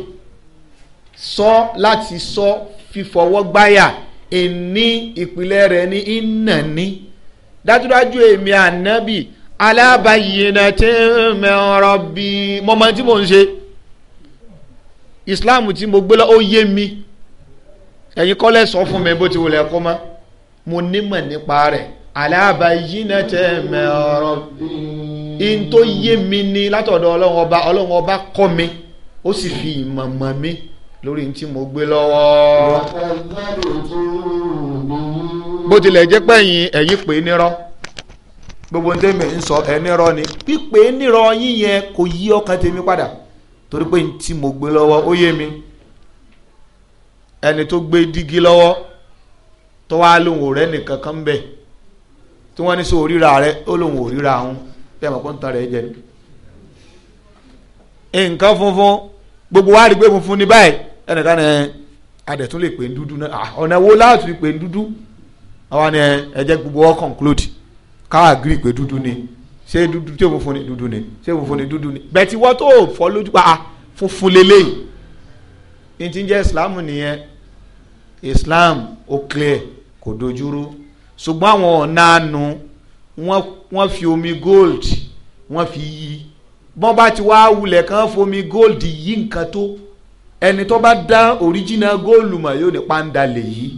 sọ láti sọ fífọwọ́ gbáyà inni ìpìlẹ̀ rẹ̀ ní ìnà dájúdájú èmi ànábì alábàyìnà tí min rabbi mo mọ tí mo ń ṣe islam tí mo gbé lọ ó yé mi ẹ̀yin kọ́lẹ̀ sọ fún mi bó ti wulẹ̀ kọ́ mọ́ mo nímọ̀ nípa rẹ̀ alábàyìnà tí min rabbi in tó yé mi ni látọ̀dọ̀ ọlọ́run ọba ọlọ́run ọba kọ́ mi ó sì fi ìmọ̀ mọ̀ mi lórí tí mo gbé lọ́wọ́ bó tilẹ̀ jẹ́ pẹ́yìn ẹ̀yin pè nírọ́. gbogbo ní tẹ́mi ń sọ ni pípé nírọ́ yíyẹn kò yí ọkàn tèmi padà torí pé tí mo gbé lọwọ ó ẹni tó gbé dígí lọwọ tó wá lóun ò nìkan kan tí wọ́n ní sọ rẹ ó lóun ò ríra àwọn bẹ́ẹ̀ jẹ funfun gbogbo wa funfun ní báyìí ní adẹ̀tún lè pè ń dúdú ọ̀nà wo láti pè ń dúdú àwọn gbogbo conclude ká agree pé dúdú ni ṣé dúdú tí òun fún ni dúdú ni ṣé òun fún ni dúdú ni bẹ́ẹ̀ wọ́n tó fọ́ lójú pa ah, funfun lélẹ́yìn ní ti ń jẹ́ islam nìyẹn islam ó clear kò dojúrú ṣùgbọ́n àwọn ọ̀nà àánú wọ́n fi omi gold wọ́n fi yí bọ́n bá ti wá wulẹ̀ kan fomi gold yí nǹkan tó ẹni tó bá dá original gold mọ̀ yóò ní pàǹdà lè yí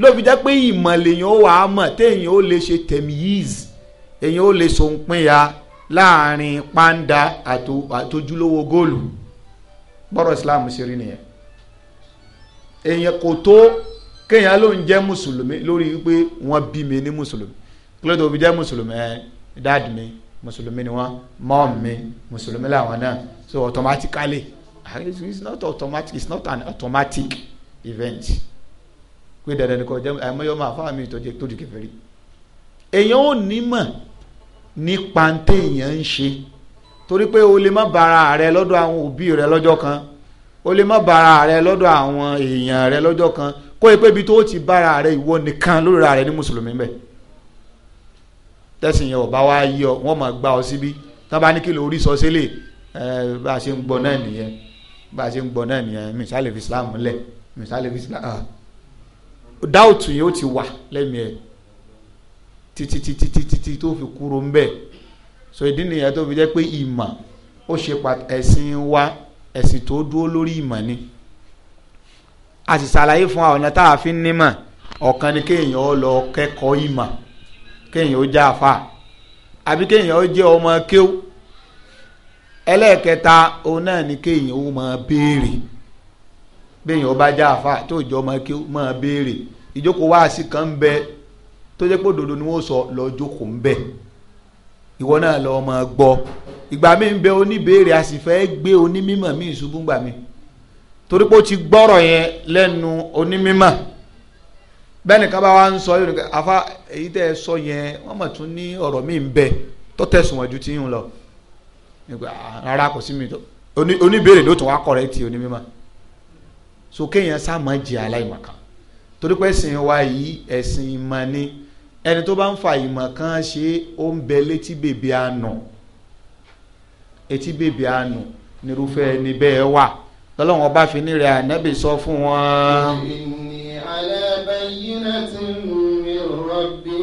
ló fi jẹ́ pé ìmọ̀ lèyàn ó wà á mọ̀ téèyàn ó lè ṣe tẹ̀míyìz èyàn ó lè sòǹpinya láàrin pàǹdà àtòjúlówó góòlù bọ́rọ̀ islam ṣe rí nìyẹn èyàn kò tó kéèyàn ló ń jẹ́ mùsùlùmí lórí wípé wọ́n bí mi ní mùsùlùmí kí ló tó fi jẹ́ mùsùlùmí ẹ dáàdì mi mùsùlùmí ni wọ́n mọ́ọ̀m mi mùsùlùmí làwọn náà so automatically it's not automatic it's not an automatic event pé dandan nìkan jẹ́ àìmọye ọmọ àfáà mi ìtọ́jú tó di kèfèrí èèyàn ò ní mọ̀ nípa téèyàn ń ṣe torí pé o lè má bara rẹ lọ́dọ̀ àwọn òbí rẹ lọ́jọ́ kan o lè má bara rẹ lọ́dọ̀ àwọn èèyàn rẹ lọ́jọ́ kan kó o pé ibi tó o ti bara rẹ ìwọ nìkan lórí rẹ ní mùsùlùmí bẹ́ẹ̀ tẹ̀sìn yẹn ọba wa yí ọ wọ́n máa gbá ọ síbí tán bá ní kí lóorí sọ sílẹ̀ ẹ bá a ṣe ń gbọ́ náà nìyẹn bá a ṣe ń gbọ́ náà nìyẹn mi sálẹ̀ fi Islam lẹ̀ mi sálẹ̀ fi Islam. Uh dáùtù yóò ti wà lẹ́mìí ẹ̀ títí títí títí tí tó fi kúrò ń bẹ̀ so ìdí nìyẹn tó fi jẹ́ pé ìmọ̀ ó ṣe pàtàkì ẹ̀sìn wa ẹ̀sìn tó dúró lórí ìmọ̀ ni a sì ṣàlàyé fún wa ọ̀nà tá a fi ń nímọ̀ ọ̀kan ni kéèyàn ó lọ kẹ́kọ̀ọ́ ìmọ̀ kéèyàn ó já àfà àbí kéèyàn ó jẹ́ ọmọ kéwú ẹlẹ́ẹ̀kẹta òun náà ni kéèyàn ó máa béèrè béèyàn ó bá já àfà tó jọ ọmọ kéwú máa béèrè ìjókòó wáàsí kan ń bẹ tó jẹ́ pé òdodo ni wọ́n sọ lọ jókòó ń bẹ ìwọ náà lọ máa gbọ́ ìgbà mi ń bẹ oníbèrè a sì fẹ́ gbé onímímọ̀ mi ìṣubú gbà mi torí pé ó ti gbọ́rọ̀ yẹn lẹ́nu onímímọ̀ bẹ́ẹ̀ni ká bá wa ń sọ yóò ní afa èyí tẹ́ ẹ sọ yẹn wọ́n mọ̀ tún ní ọ̀rọ̀ mi ń bẹ tó tẹ̀sùn wọn ju ti yún lọ rárá kò sí mi tó oníbèrè ló tún wá kọ̀rẹ́tì onímímọ̀ so kéèyàn sá máa jẹ aláìmọ̀kan torí pé ẹ̀sìn wa yìí ẹ̀sìn ìmọ̀ ni ẹni tó bá ń fa ìmọ̀ kan ṣe ó ń bẹ létí bèbè àná etí bèbè àná nírúfẹ́ ẹni bẹ́ẹ̀ wà lọ́lọ́wọ́n bá fi nírẹ̀ ànábì sọ fún wọn. inni ala bayyinatin min rabbi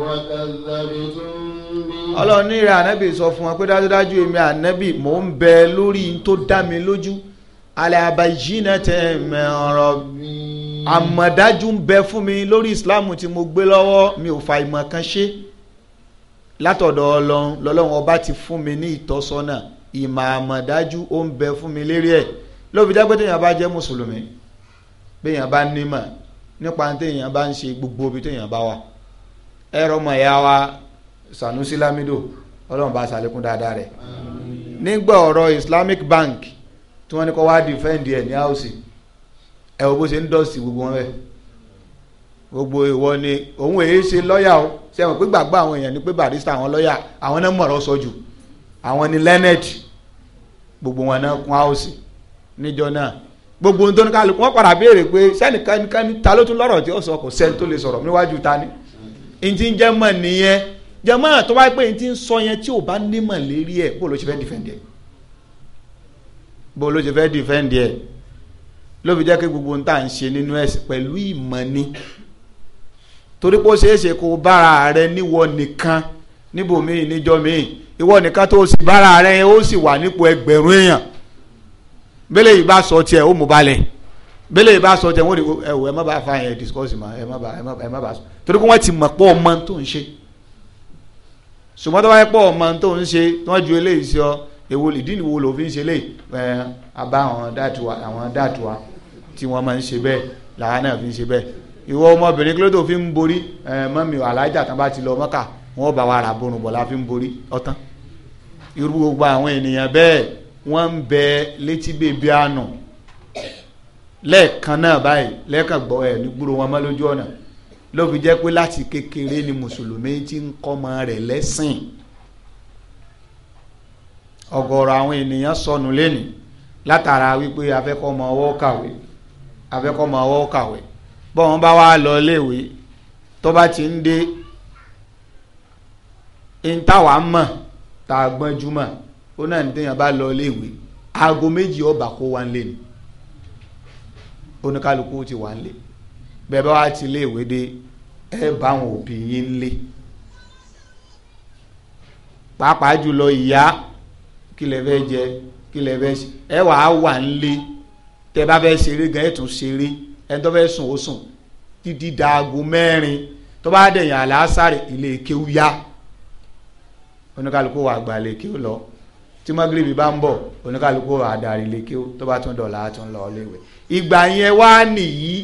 wa kadhabtum bi. ọlọ́run nírẹ̀ ànábì sọ fún wọn pé dájúdájú èmi ànábì mò ń bẹ lórí tó dá mi lójú ala bayyinatin min rabbi àmọ̀dájú ń bẹ fún mi lórí ìsìláàmù tí mo gbé lọ́wọ́ mi ò fa ìmọ̀ kan ṣe látọ̀dọ̀ ọlọ́run lọ́lọ́run ọba ti fún mi ní ìtọ́sọ́nà ìmọ̀ àmọ̀dájú ó ń bẹ fún mi lérí ẹ̀ ló dágbé téèyàn bá jẹ́ mùsùlùmí béèyàn bá nímọ̀ nípa téèyàn bá ń ṣe gbogbo ibi téèyàn bá wà ẹ̀rọ ọmọ ìyá wa Sanusi Lamido ọlọ́run bá ṣàlékún dáadáa rẹ̀ nígbà ọ̀rọ̀ Islamic Bank tí wọ́n ní kó wá dìfẹ́ǹdì ẹ̀ ní house ẹ wo bó ṣe ń dọ̀sì gbogbo wọn bẹ́ẹ̀ gbogbo ìwọ ni òun èyí ṣe lọ́ọ̀yà o ṣe mọ̀ pé gbàgbọ́ àwọn èèyàn ni pé barista àwọn lọ́ọ̀yà àwọn náà mọ̀rọ̀ sọ jù àwọn ni leonard gbogbo wọn náà kún áwòsì níjọ náà gbogbo ohun tó ní kálukú wọn padà béèrè pé sẹ́nìkan ní ta ló tún lọ́rọ̀ tí ó sọ kò sẹ́ni tó lè sọ̀rọ̀ níwájú ta ni n ti ń jẹ́ mọ̀ nìyẹn jẹ́ mọ̀ tó bá pé n ti ń sọ yẹn tí ò bá nímọ̀ lérí ẹ̀ bó ló ṣe fẹ́ dìfẹ́ǹdì ẹ̀ bó ló ṣe fẹ́ dìfẹ́ǹdì ẹ̀ ló fi jẹ́ kí gbogbo nta ń ṣe nínú ẹ̀sìn pẹ̀lú ìmọ̀ ni torí pé ó ṣeé ṣe kó bára rẹ níwọ nìkan níbòmíì níjọ́ míì ìwọ nìkan tó o sì bára rẹ yẹn ó sì wà nípò ẹgbẹ̀rún èèyàn bẹ́lẹ̀ yìí bá sọ tiẹ̀ ó mú balẹ̀ bẹ́lẹ̀ yìí bá sọ tiẹ̀ wọ́n ní ẹ wò ẹ má bàa fa yẹn discourse ma ẹ má bàa ẹ má bàa ẹ má bàa sọ torí pé wọ́n ti mọ̀ pọ̀ ọmọ tó ń ṣe sùmọ́tò wáyé pọ̀ ọmọ tó ń ṣe wọ́n ju eléyìí sọ èwo ìdí nìwo ló fi ń ṣe eléyìí ẹ abá àwọn dáàtúwa àwọn dáàtúwa tí wọ́n máa ń ṣe bẹ́ẹ̀ làwa náà fi ń ìwọ ọmọbìnrin fi ń borí ẹ mọ́mi alájà tán bá ti lọ mọ́kà wọ́n bá wa rà borun bọ̀ fi ń borí ọ̀tán irú gbogbo àwọn ènìyàn bẹ́ẹ̀ wọ́n ń bẹ létí bèbí náà báyìí lẹ́ẹ̀kan gbọ́ ẹ̀ nígboro wọn mọ́ lójú ọ̀nà ló fi jẹ́ pé láti kékeré ni mùsùlùmí ti ń kọ́mọ rẹ̀ lẹ́sìn ọ̀gọ̀rọ̀ àwọn ènìyàn afẹ́kọ́ máa wọ́ kàwé bọ́ wọn bá wá lọ iléèwé tó bá ti ń dé ntàwa mọ̀ tá a gbọ́njú mọ̀ ó náà ní téèyàn bá lọ iléèwé aago méjì ọba kó wá lé ni oníkálukú ti wá lé bẹ́ẹ̀ bá wá ti iléèwé dé ẹ bá àwọn òbí yín lé pàápàá jùlọ ìyá kí fẹ́ jẹ kí fẹ́ ṣe ẹ wàá wà ń lé tẹ bá fẹ́ ṣeré gan ẹ̀ tún ṣeré ẹ̀ tó fẹ́ sùn ó sùn títí daago mẹ́rin tó bá dẹ̀yìn àlàásàrè ilé kéwú yá oníkàlùkù wà gbà lè kéwú lọ tí mọ́gìrìbì bá ń bọ̀ oníkàlùkù wà adarí lè kéwú tó bá tún dọ̀là tún lọ léwe ìgbà yẹn wá nìyí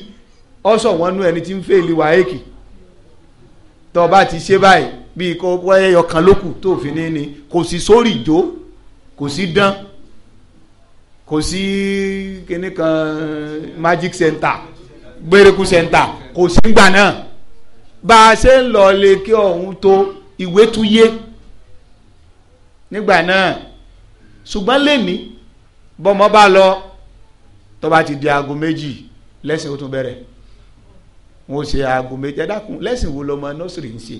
ọ̀sọ̀ wọn nú ẹni tí ń fèlè wá èkì tó bá ti ṣe báyìí bíi kó wọ́n ẹyọ lókù tó fi ní ni kò sí sórí ìjó kò sí dán kò sí kíní kan magic center gbérekú center kò sí gbà náà bá a ṣe ń lọ lè kí ọ̀hún tó ìwé tún yé nígbà náà ṣùgbọ́n lèmi bọ́mọ bá lọ tó bá ti di aago méjì lẹ́sìn ó tún bẹ̀rẹ̀ wọ́n ṣe aago méjì ẹ lẹ́sìn wo lọmọ nọ́sìrì ń ṣe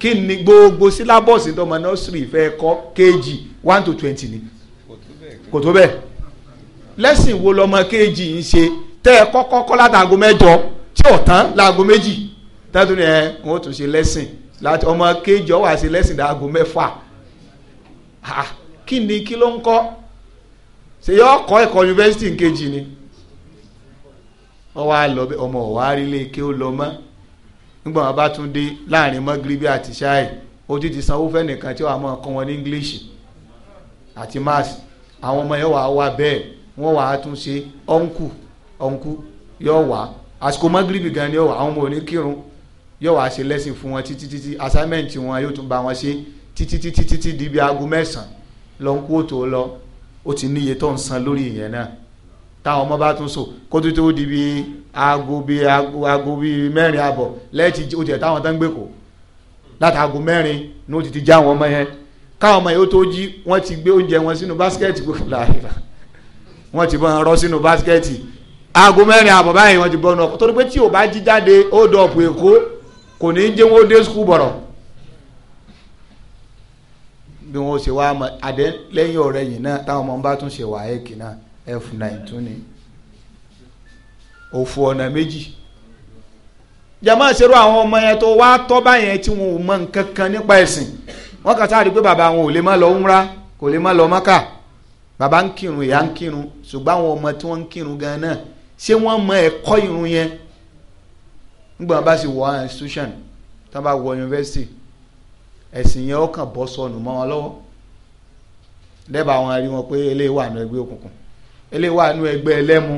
kí ni gbogbo sílábọ̀sì tọmọ nọ́sìrì fẹ́ kọ́ kéèjì one to twenty ni kò tó bẹ́ẹ̀ lẹ́sìn wo lọ́mọ kéèjì ń ṣe tẹ́ ẹ kọ́kọ́ kọ́ látàgò mẹ́jọ tí ò tán láago méjì tẹ́tù ni ẹ wọ́n tún ṣe lẹ́sìn láti ọmọ kéèjì ọ̀wà ṣe lẹ́sìn láago mẹ́fà kí ni kí ló ń kọ́ ṣe yọ ọkọ ẹ̀kọ́ yunifásitì kejì ni wọ́n wá lọ bẹ ọmọ ọ̀wá rílé kí ó lọ mọ́ nígbà wọn bá tún dé láàrin mọ́gíríbí àti ṣáì ó ti ti sanwó fẹ́nìkan tí wọ́n á mọ̀ wọn ní english àti maths àwọn ọmọ yẹn wà wá bẹ́ẹ̀ wọ́n wà á tún ṣe ọ̀nkù ọ̀nkù yóò wá àsìkò mọ́gìrìbì gan ni yóò wá àwọn ọmọ òní kírun yóò wá ṣe lẹ́sìn fún wọn títí títí assignment wọn yóò tún bá wọn ṣe títí títí títí di bí aago mẹ́sàn-án lọ ń kú òtò lọ ó ti níye tó ń san lórí ìyẹn náà táwọn ọmọ bá tún so kó tó tó di bí aago bí aago bí mẹ́rin àbọ̀ lẹ́ẹ̀tì ó tiẹ̀ táwọn tán gbé kó láti mẹ́rin ní ó ti ti já àwọn ọmọ yẹn káwọn ọmọ yìí ó tó jí wọ́n ti gbé oúnjẹ wọn sínú báskẹ́ẹ̀tì gbogbo làárà wọ́n ti bọ́n rọ́ sínú báskẹ́ẹ̀tì aago mẹ́rin àbọ̀ báyìí wọ́n ti bọ́nu ọkọ̀ torí pé tí ò bá jí jáde ó dọ̀pù èkó kò ní í jẹ́ wọ́n ó dé skul bọ̀rọ̀ bí wọ́n ṣe wá mọ̀ àdé lẹ́yìn ọ̀rẹ́ yìí náà táwọn ọmọ bá tún ṣe wà ẹ́ẹ̀kì náà f nine tún ni òfò ọ̀nà méjì jàmáà ṣerú àwọn ọmọ yẹn tó wá tọ́ báyẹn tí wọn ò mọ nǹkan kan nípa ẹ̀sìn wọ́n kàn sáà pé bàbá wọn ò lè má lọ umra kò lè má lọ mọ́kà bàbá ń kírun ìyá ń kírun ṣùgbọ́n àwọn ọmọ tí wọ́n ń kírun gan náà ṣé wọ́n mọ ẹ̀kọ́ irun yẹn nígbà bá sì wọ àwọn institution tí wọ́n bá wọ yunifásitì ẹ̀sìn yẹn ó bọ́ sọnù mọ́ wọn lọ́wọ́ lẹ́bàá wọn rí wọn pé eléyìí wà nù ẹgbẹ́ òkùnkùn eléyìí wà nù ẹgbẹ́ ẹlẹ́mu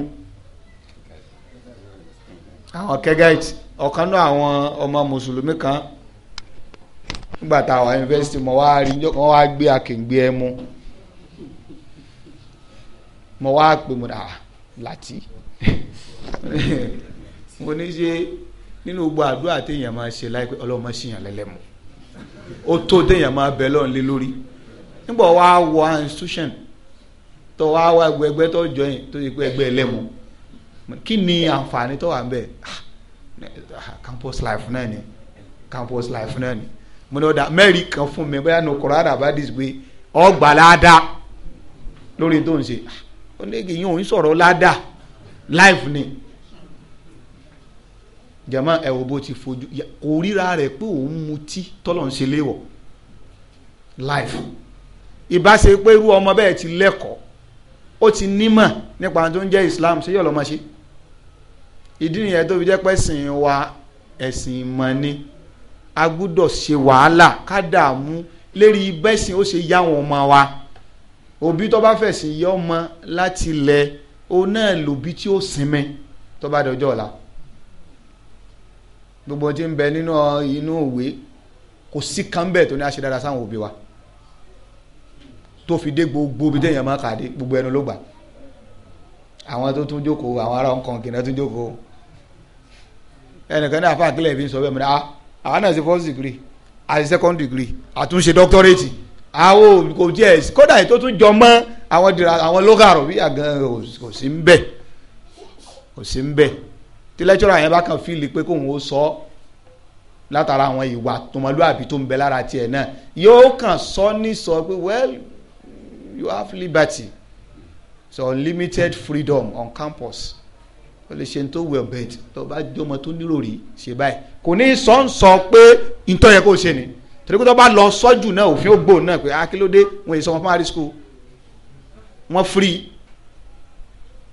àwọn nígbà tá a wà yunifásitì mo wá rí níjọ́ kan wá gbé akéǹgbé ẹ mú mo wá pè mo dà ah, láti mo ní ṣe nínú gbogbo àdúrà téèyàn máa ṣe láìpẹ́ ọlọ́mọ ṣìyàn lẹ́lẹ́mu ó tó téèyàn máa bẹ lọ́n lé lórí nígbà wá wọ institution tó wá wá ẹgbẹ́ tó jọ yìí tó yẹ pé ẹgbẹ́ ẹlẹ́mu kí ni àǹfààní tó wà ń bẹ̀ ah, campus life náà ni campus life náà ni mo ní ọ̀dà mẹ́rin kan fún mi bóyá no koran abadis pé ọgbà ládàá lórí tó ń ṣe onígi yín òun sọ̀rọ̀ ládàá life ni jama ẹ wo bó ti fojú kò ríra rẹ̀ pé òun mutí tọ́lọ̀ ń ṣe léwọ̀ life ìbáṣe pé irú ọmọ bẹ́ẹ̀ ti lẹ́kọ̀ọ́ ó ti nímọ̀ nípa tó ń jẹ́ Islam ṣé yọ̀ lọ́mọ ṣe ìdí nìyẹn tó fi jẹ́ pẹ́sìn wa ẹ̀sìn ìmọ̀ a gbúdọ̀ ṣe wàhálà ká dààmú lérí bẹ́sìn ó ṣe yá wọn ọmọ wa òbí tó bá fẹ̀sìn yọ ọmọ láti lẹ̀ òun náà lòbí tí ó sinmi tó bá dọjọ́ ọ̀la gbogbo tí ń bẹ nínú inú òwe kò sí kan bẹ́ẹ̀ tó ní a ṣe dára sáwọn òbí wa tó fi dé gbogbo ibi téèyàn máa kàdé gbogbo ẹnu ló gbà àwọn tó tún jókòó àwọn ará nǹkan kìnnà tún jókòó ẹnìkan náà fàákìlẹ̀ fi ń sọ bẹ́ẹ̀ mọ́ ni ah àwa náà ṣe first degree àti second degree àtúnṣe doctorate àwọn kò tiẹ̀ kódà ètò tún jọ mọ́ àwọn dira àwọn local rò bí àgàn kò sí ń bẹ̀ kò sí ń bẹ̀ tí lecturer yẹn bá kàn fíìlì pé kóun ó sọ ọ́ látara àwọn ìwà tọmọlúàbí tó ń bẹ lára tiẹ̀ náà yóò kàn sọ ní sọ pé well you have liberty so unlimited freedom on campus o lè ṣe ní tó wẹ̀ bẹ́ẹ̀t tó bá jẹ́ ọmọ tó nírò rí ṣe báyìí kò ní sọ ń sọ pé ìtọ́ yẹ kó ṣe ni torí pé tó bá lọ sọ́jù náà òfin ó gbòó náà pé akílódé ah, wọn èso wọn primary school wọn free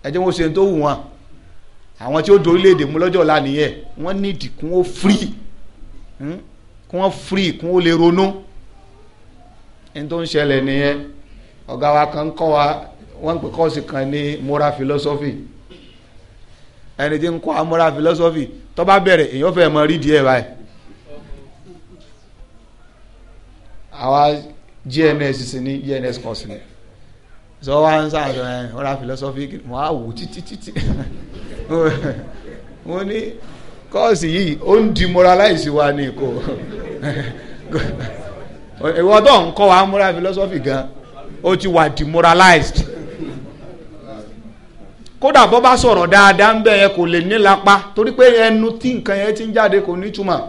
ẹjẹ wọn ṣe ní tó wù wọn àwọn tí ó dorí léde mú lọ́jọ́ ọ̀la nìyẹn wọ́n ní ìdìkún ó free hmm? kí wọ́n free kí wọ́n lè ronú ẹni tó ń ṣẹlẹ̀ nìyẹn ọ̀gá wa kan kọ́ wa wọ́n pè kọ́ọ̀sì kan ní moral philosophy ẹni tí ń kọ́ amúra philosophy tó bá bẹ̀rẹ̀ èèyàn fẹ́ mọ rídìí ẹ̀ báyìí. àwa gns sì ní gns course ni sọ wá ń sàǹsọ ẹ ọ̀rá philosophy mo á wò títí títí mo ní kọ́ọ̀sì yìí ó ń di moralize wa ni kò ìwọ tó ń kọ́ wa amúra philosophy gan ó ti wà demoralized. kódà bọ́ bá sọ̀rọ̀ dáadáa ń bẹ̀ yẹn kò lè torí pé ẹnu tí nǹkan yẹn ti ń jáde kò nítumọ̀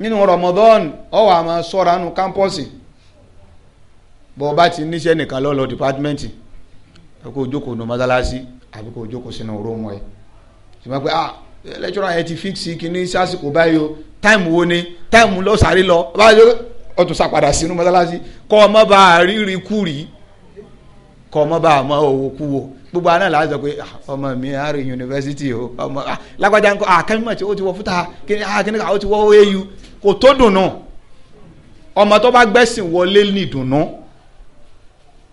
nínú Ramadan ó wá máa ṣọ́ra nu kámpọ́ọ̀sì bá ti níṣẹ́ nìkan lọ́lọ́ dìpátímẹ́ǹtì kó jókòó nu mọ́sálásí àbí jókòó sínú ẹ̀ ah lẹ́tọ́rọ̀ ti fíksì sásìkò báyìí o táìmù wo ni lọ sáré lọ báyìí ó tún sàpadà sínú mọ́sálásí kọ́ ọmọ bá a kọ́ ọmọ owó kú wo gbogbo àná làá sọ pé ah, ọmọ mi àárẹ̀ yunifásitì o ọmọ ah, lágbájá ńkọ́ àkẹ́mọ̀ ah, tí ó ti wọ fúta kíni ó ti wọ au kò tó dùnú ọmọ tó bá gbẹ́sìn wọlé ní ìdùnnú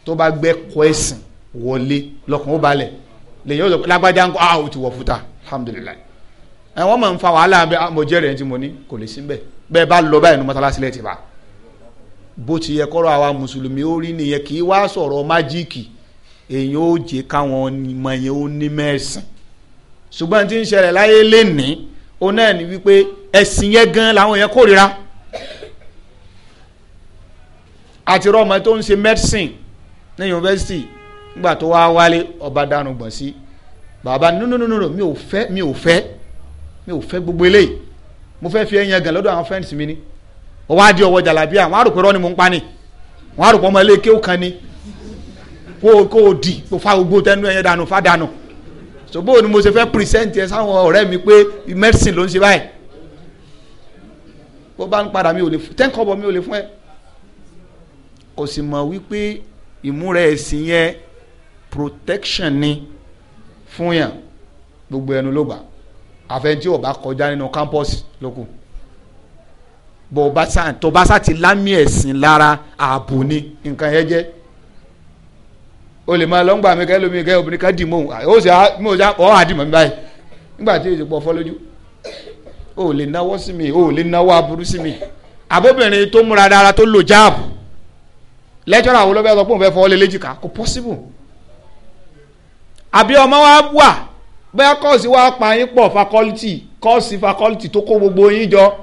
tó bá gbẹ́ kọ́ ẹ̀sìn wọlé lọ́kàn ó balẹ̀ lèyìn ó sọ pé lágbájá ńkọ́ a ó ti wọ fúta alhamdulilayi ẹ wọ́n mọ̀ ń fa wàhálà bẹ́ẹ̀ mo jẹ́rìí ẹni tí mo ní kò lè sí bẹ́ẹ̀ bẹ́ẹ̀ bá lọ báyìí ní mọ́tálásí ti bá bó ti yẹ kọ́rọ̀ àwa mùsùlùmí ó rí nìyẹn kì í wá sọ̀rọ̀ májíìkì èyàn ó jẹ káwọn ọmọ yẹn ó ní mẹ́sìn ṣùgbọ́n tí ń ṣẹlẹ̀ láyé lénìí ó náà ní wípé ẹ̀sìn yẹn gan làwọn yẹn kórìíra àti rọmọ tó ń ṣe mẹ́sìn ní yunifásitì nígbà tó wá wálé ọba dànù gbọ̀n sí bàbá nínú mi ò fẹ́ mi ò fẹ́ mi ò fẹ́ gbogbo eléyìí mo fẹ́ fi ẹyin ẹgàn lọ́dọ̀ àwọn friends mi ni wọ́n wá ọwọ́ jàlábíà wọ́n á rò pé mo ń pa ni wọ́n á ọmọ ilé kéwù kan ni kó kó o dì kó fa gbogbo tẹnu ẹyẹ dànù fa dànù so bó o ni mo ṣe fẹ́ pírísẹ́ǹtì ẹ sáwọn ọ̀rẹ́ mi pé mẹ́sìn ló ń ṣe báyìí bó bá ń padà mi ò lè fún tẹ́ńkọ́bọ̀ mi ò lè fún ẹ kò sì mọ̀ wípé ìmúra ẹ̀sìn yẹn protection ni fún yàn gbogbo ẹnu ló gbà àfẹnjí ò kọjá nínú campus lókù bó o bá sá tó bá sá ti lámì ẹ̀sìn lára ààbò ni nǹkan yẹn jẹ́ o lè máa lọ ń gbà mí kẹ́ lómi kẹ́ obìnrin ká dì mọ́ òun ó sì mọ̀ ọ́ àdìmọ̀ mi báyìí nígbà tí èsì pọ̀ o lè náwó sí mi o lè náwó aburú sí mi àbóbìnrin tó múra dára tó lò jáàbù lẹ́jọ́rọ̀ àwọn olóbẹ́ sọ pé òun fẹ́ fọ́ lé kò pọ́síbù àbí ọmọ wa wà bẹ́ẹ̀ kọ́ọ̀sì wa pa yín pọ̀ fakọ́lítì gbogbo yín jọ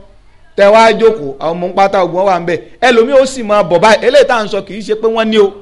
tẹ wá jókòó àwọn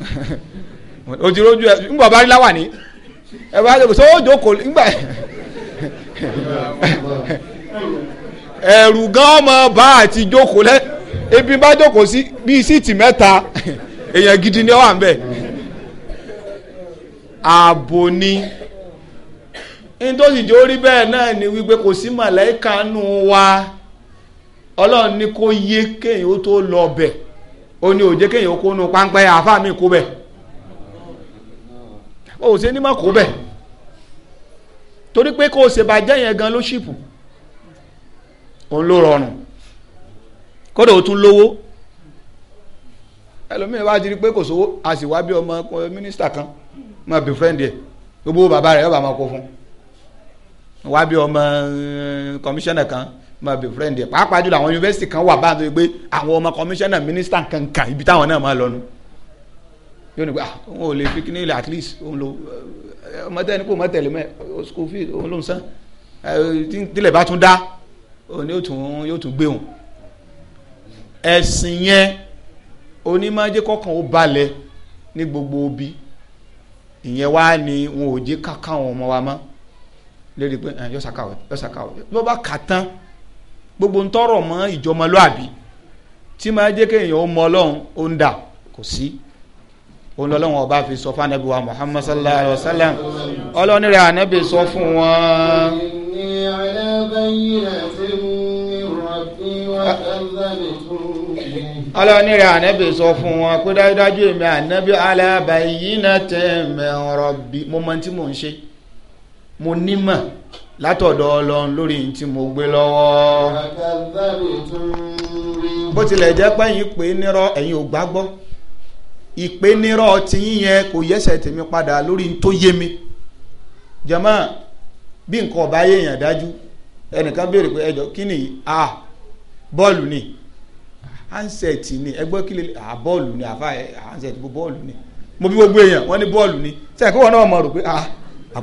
ojúrojú ẹ bá rí láwà ní ẹ bá jókòó sọ jókòó ẹrù gan ọmọ bá àti jókòó lẹ ebi bá jókòó sí bíi síìtì mẹta èèyàn gidi ni ó wà ń ààbò ni orí bẹ́ẹ̀ náà ni wípé kò sí wa ọlọ́run ní kó yé kéèyàn ó tó bẹ́ẹ̀ ó ní òjé kéèyàn ó kó nu páńpẹ́ àáfàá mi kó bẹ̀ ó ṣe ní má kó bẹ̀ torí pé kó o ṣe bàjẹ́ yẹn gan ló ṣìpù òun ló rọrùn kódà ó tún lówó ẹlòmíràn wá jírí pé kò sówó a sì wá bí ọmọ mínísítà kan máa bí ẹ̀ gbogbo bàbá rẹ̀ yóò bá máa kó fún wá bí ọmọ eh, kọmíṣánná kan máa bè friend ẹ̀ e. pàápàá jùlọ àwọn yunifásitì kan wà báyìí pé àwọn ọmọ kọmíṣánná mínísítà kankan ibi táwọn náà máa lọ nu yóò ní pé ah òun ò lè fi kíní ilẹ̀ at least òun lo eh, ọmọ tẹ́ ní kò mọ́ tẹ̀lé mẹ́ school fee òun ló ń san eh, tílẹ̀ bá tún dá òun yóò tún gbé òun ẹ̀sìn yẹn onímọ̀jẹ́ kọ̀ọ̀kan ó balẹ̀ ní gbogbo obì ìyẹn wá ní wọn ò jẹ́ káká àwọn ọmọ wa mọ́ lérí pé ah, yọ́sàkáwé yọ́sàkáwé bí wọ́n bá kà tán gbogbo ń tọrọ mọ́ ìjọmọlúàbí tí máa jẹ́ kéèyàn ó mọ ọlọ́run ó ń dà kò sí òun lọ́lọ́run ọba fi sọ fún anabi muhammad sallallahu alayhi wa sallam ọlọ́run rẹ̀ anabi sọ fún wọn. ọlọ́run rẹ̀ anabi sọ fún wọn pé dájúdájú èmi anabi alábàáyí náà tẹ̀ mẹ́rọ̀ bí mo mọ tí mò ń ṣe mo nímọ̀ látọ̀dọ̀ ọlọ́run lórí yìí tí mo gbé lọ́wọ́. bó tilẹ̀ jẹ́ pé yín pé ẹ̀yin ò gbàgbọ́ ìpè ti kò yẹsẹ̀ tèmi padà lórí tó yé mi jàmá bí nǹkan ọba yéèyàn dájú ẹnìkan béèrè pé ẹjọ́ kí a bọ́ọ̀lù ni handset ni ẹgbẹ́ kí a bọ́ọ̀lù ni àfa handset bó bọ́ọ̀lù ni mo bí gbogbo èèyàn a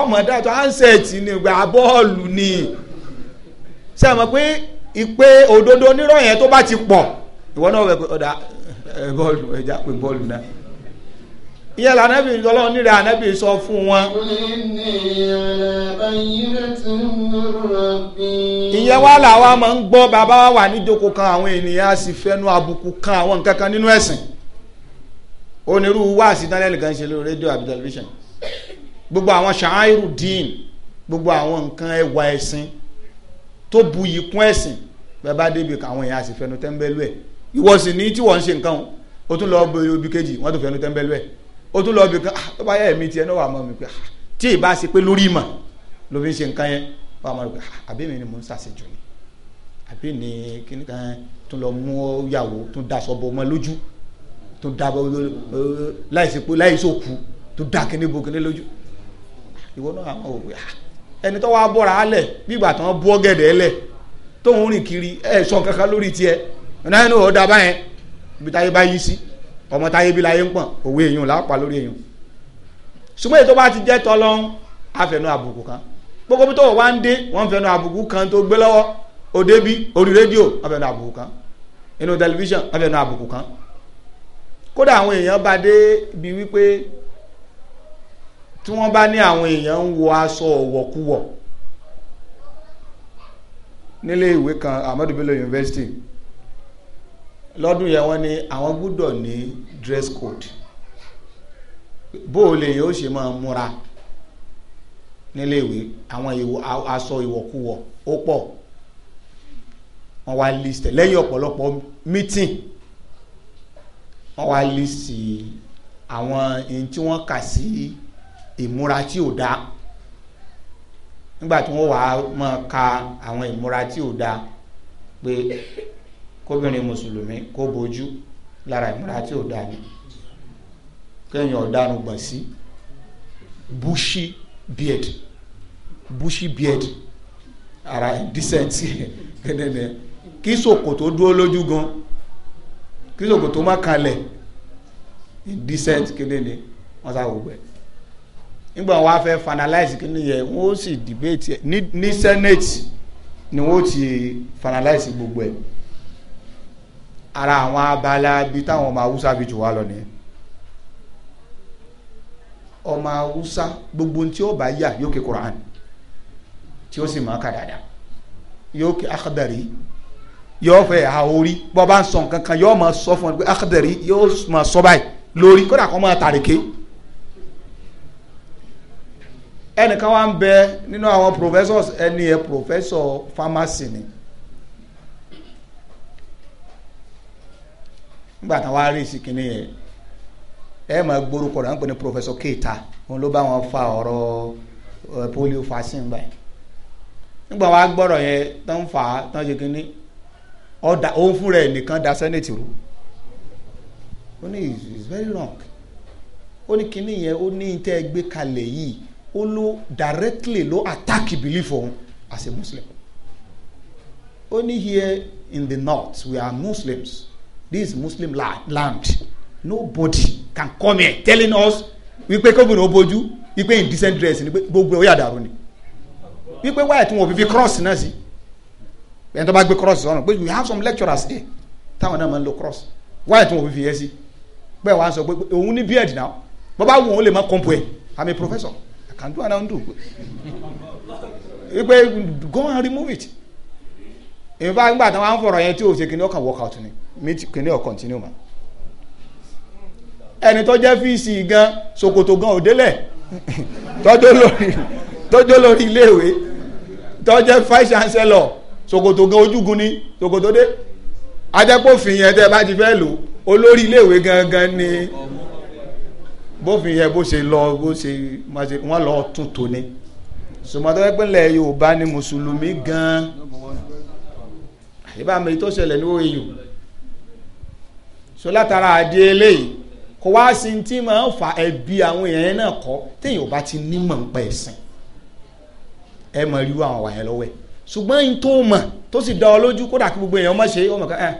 ọmọ dájọ́ handset ni ìgbà bọọlụ ni ṣe àmọ́ pé ìpè òdodo onírọ̀ yẹn tó bá ti pọ ìwọ náà wẹ̀ ọ̀dà bọ́ọ̀lù ẹja pé náà sọ fún wọn. ìyẹn wà máa ń gbọ́ bàbá wa wà kan àwọn ènìyàn sì fẹ́nu àbùkù kan àwọn nǹkan kan nínú ẹ̀sìn onírúurú ṣe lórí rédíò àbí tẹlifíṣàn gbogbo àwọn ṣàáìrù dín gbogbo àwọn nǹkan ẹwà ẹ̀sìn tó buyì kún ẹ̀sìn bẹ́ẹ̀ bá débi àwọn èèyàn àsìfẹ́nu tẹ́ńbẹ́lú ẹ̀ ìwọ sì ní tí wọ́n ń ṣe nǹkan o tún lọ bọ ibi kejì wọ́n tó fẹ́nu tẹ́ńbẹ́lú ẹ̀ o tún lọ bì kan ah, tó bá yẹ ẹ̀mí tiẹ̀ náà wà mọ́ mi pé ah, tí ì bá ṣe pé lórí ìmọ̀ ló fi ń ṣe nǹkan yẹn wà mọ́ mi pé ah, àbí mi ni mò ń ṣàṣejù ni àbí ni kíní kan tún lọ mú yàwó tún daṣọ bò mọ́ lójú tún dábọ̀ láìsí ìwọ náà àwọn òwe ah, ẹni tó wá bọ́ra alẹ̀ bí ìgbà tán bú ọ̀gẹ̀dẹ̀ lẹ̀ tóun rìn kiri ẹ̀ sọ kankan lórí tiẹ̀ náà ní ọ̀dà báyẹn ibi táyé bá yí sí ọmọ táyé bí láyé ń pọ̀n òwe èèyàn lápá lórí èèyàn ṣùgbọ́n èyí tó bá ti jẹ́ tọ́lọ́hún àfẹnú àbùkù kan gbogbo bí tó wà ń dé wọ́n fẹnu àbùkù kan tó gbé lọ́wọ́ òde bí orí rédíò wọ́n fẹnu àbùkù kan inú tẹlifíṣàn wọ́n fẹnu àbùkù kan kódà àwọn èèyàn bá dé bí wípé tí wọ́n bá ní àwọn èèyàn ń wọ aṣọ ọ̀wọ̀kúwọ̀ nílé ìwé kan Ahmadu Bello University lọ́dún yẹn wọ́n ní àwọn gbúdọ̀ ní dress code bó o lè yóò ṣe máa múra nílé ìwé àwọn aṣọ ìwọ̀kúwọ̀ ó pọ̀ wọ́n wá list lẹ́yìn ọ̀pọ̀lọpọ̀ meeting wọ́n wá list àwọn ẹni tí wọ́n kà sí. Si ìmúra tí ò dáa nígbà tí wọ́n wàá mọ̀ ka àwọn ìmúra tí ò dáa pé kóbìnrin mùsùlùmí kó bojú lára ìmúra tí ò dáa ni kéèyàn ọ̀daràn gbọ̀n sí bushy beard bushy beard ara ìdísẹ́ǹtì gẹ́gẹ́ kí ṣòkòtò dúró lójú gan kí ṣòkòtò má kalẹ̀ ìdísẹ́ǹtì kéde ni wọ́n sá wò nígbà wọn fẹ́ finalize kí ni yẹ wọn ó sì debate ẹ ní ní senate ni wọn ó ti finalize gbogbo ẹ ara àwọn abala bíi táwọn ọmọ haúsá fi jù wá lọ nìyẹn ọmọ haúsá gbogbo tí ó bá yà yóò ké quran tí ó sì mọ̀ ká dáadáa yóò ké akadari yóò fẹ́ ha orí bọ́ bá ń sọ nǹkan kan yóò máa sọ fún ọ pé akadari yóò máa sọ báyìí lórí kódà kó máa tàríkè. ẹnìkan wá ń bẹ nínú àwọn professors ẹni yẹn professor pharmacy ni nígbà táwọn arí ìsìnkìní yẹn ẹ máa gbórúkọ rẹ̀ wọ́n pè ní professor Keita òun ló bá wọn fa ọ̀rọ̀ polio báyìí nígbà yẹn tó ń fà tó ń ṣe kínní ọ̀dà òun fúnra ẹ̀ nìkan da senate rú ó ní it's very ó ní kínní yẹn ó ní tẹ́ gbé kalẹ̀ yìí ó directly ló attack belief on as a muslim only here in the north we are muslims this muslim la land nobody can come here telling us wípé kóbìnrin ó bójú wípé decent dress ni gbogbo ó yà dàrú ni wípé wáyà tí wọn fi fi cross náà sí ẹni tó bá gbé cross sọ̀rọ̀ pé we have some lecturers here táwọn náà máa ń lo cross wáyà tí wọn fi fi yẹ sí bẹ́ẹ̀ wá sọ pé òun ní beard náà bọ́ bá wù ú ó lè má kọ́ńpù ẹ̀ i'm a professor. I can do and I don't do wípé go and remove it ìfipá nígbà tí wọ́n á ń fọ̀rọ̀ yẹn tí o ṣe kìnìún kan work out ni méjì kìnìún continue ma ẹni tó jẹ́ fíìsì gan ṣòkòtò gan òdélẹ̀ tọ́jú lórí tọ́jú lórí iléèwé tọ́jú vice chancellor ṣòkòtò gan ojúgun ni ṣòkòtò dé ajẹ́pọ̀ fìyẹn tẹ́ bá ti fẹ́ lò olórí iléèwé gangan ni bófin yẹ bó ṣe lọ bó ṣe wọ́n lọ tún tóní sọmọtọ́ ẹgbẹ́lẹ̀ yorùbá ni mùsùlùmí gan-an ìbá mi tó ṣẹlẹ̀ ní oyè so látara àdé eléyìí kò wá sí tí máa ń fa ẹbí àwọn èèyàn náà kọ́ téèyàn bá ti nímọ̀ ń pa ẹ̀sìn ẹ mọ̀ rí àwọn wàyẹ lọ́wọ́ ẹ̀ ṣùgbọ́n yín tó mọ̀ tó sì dá ọ lójú kódà kí gbogbo èèyàn má ṣe ọmọ kan ah,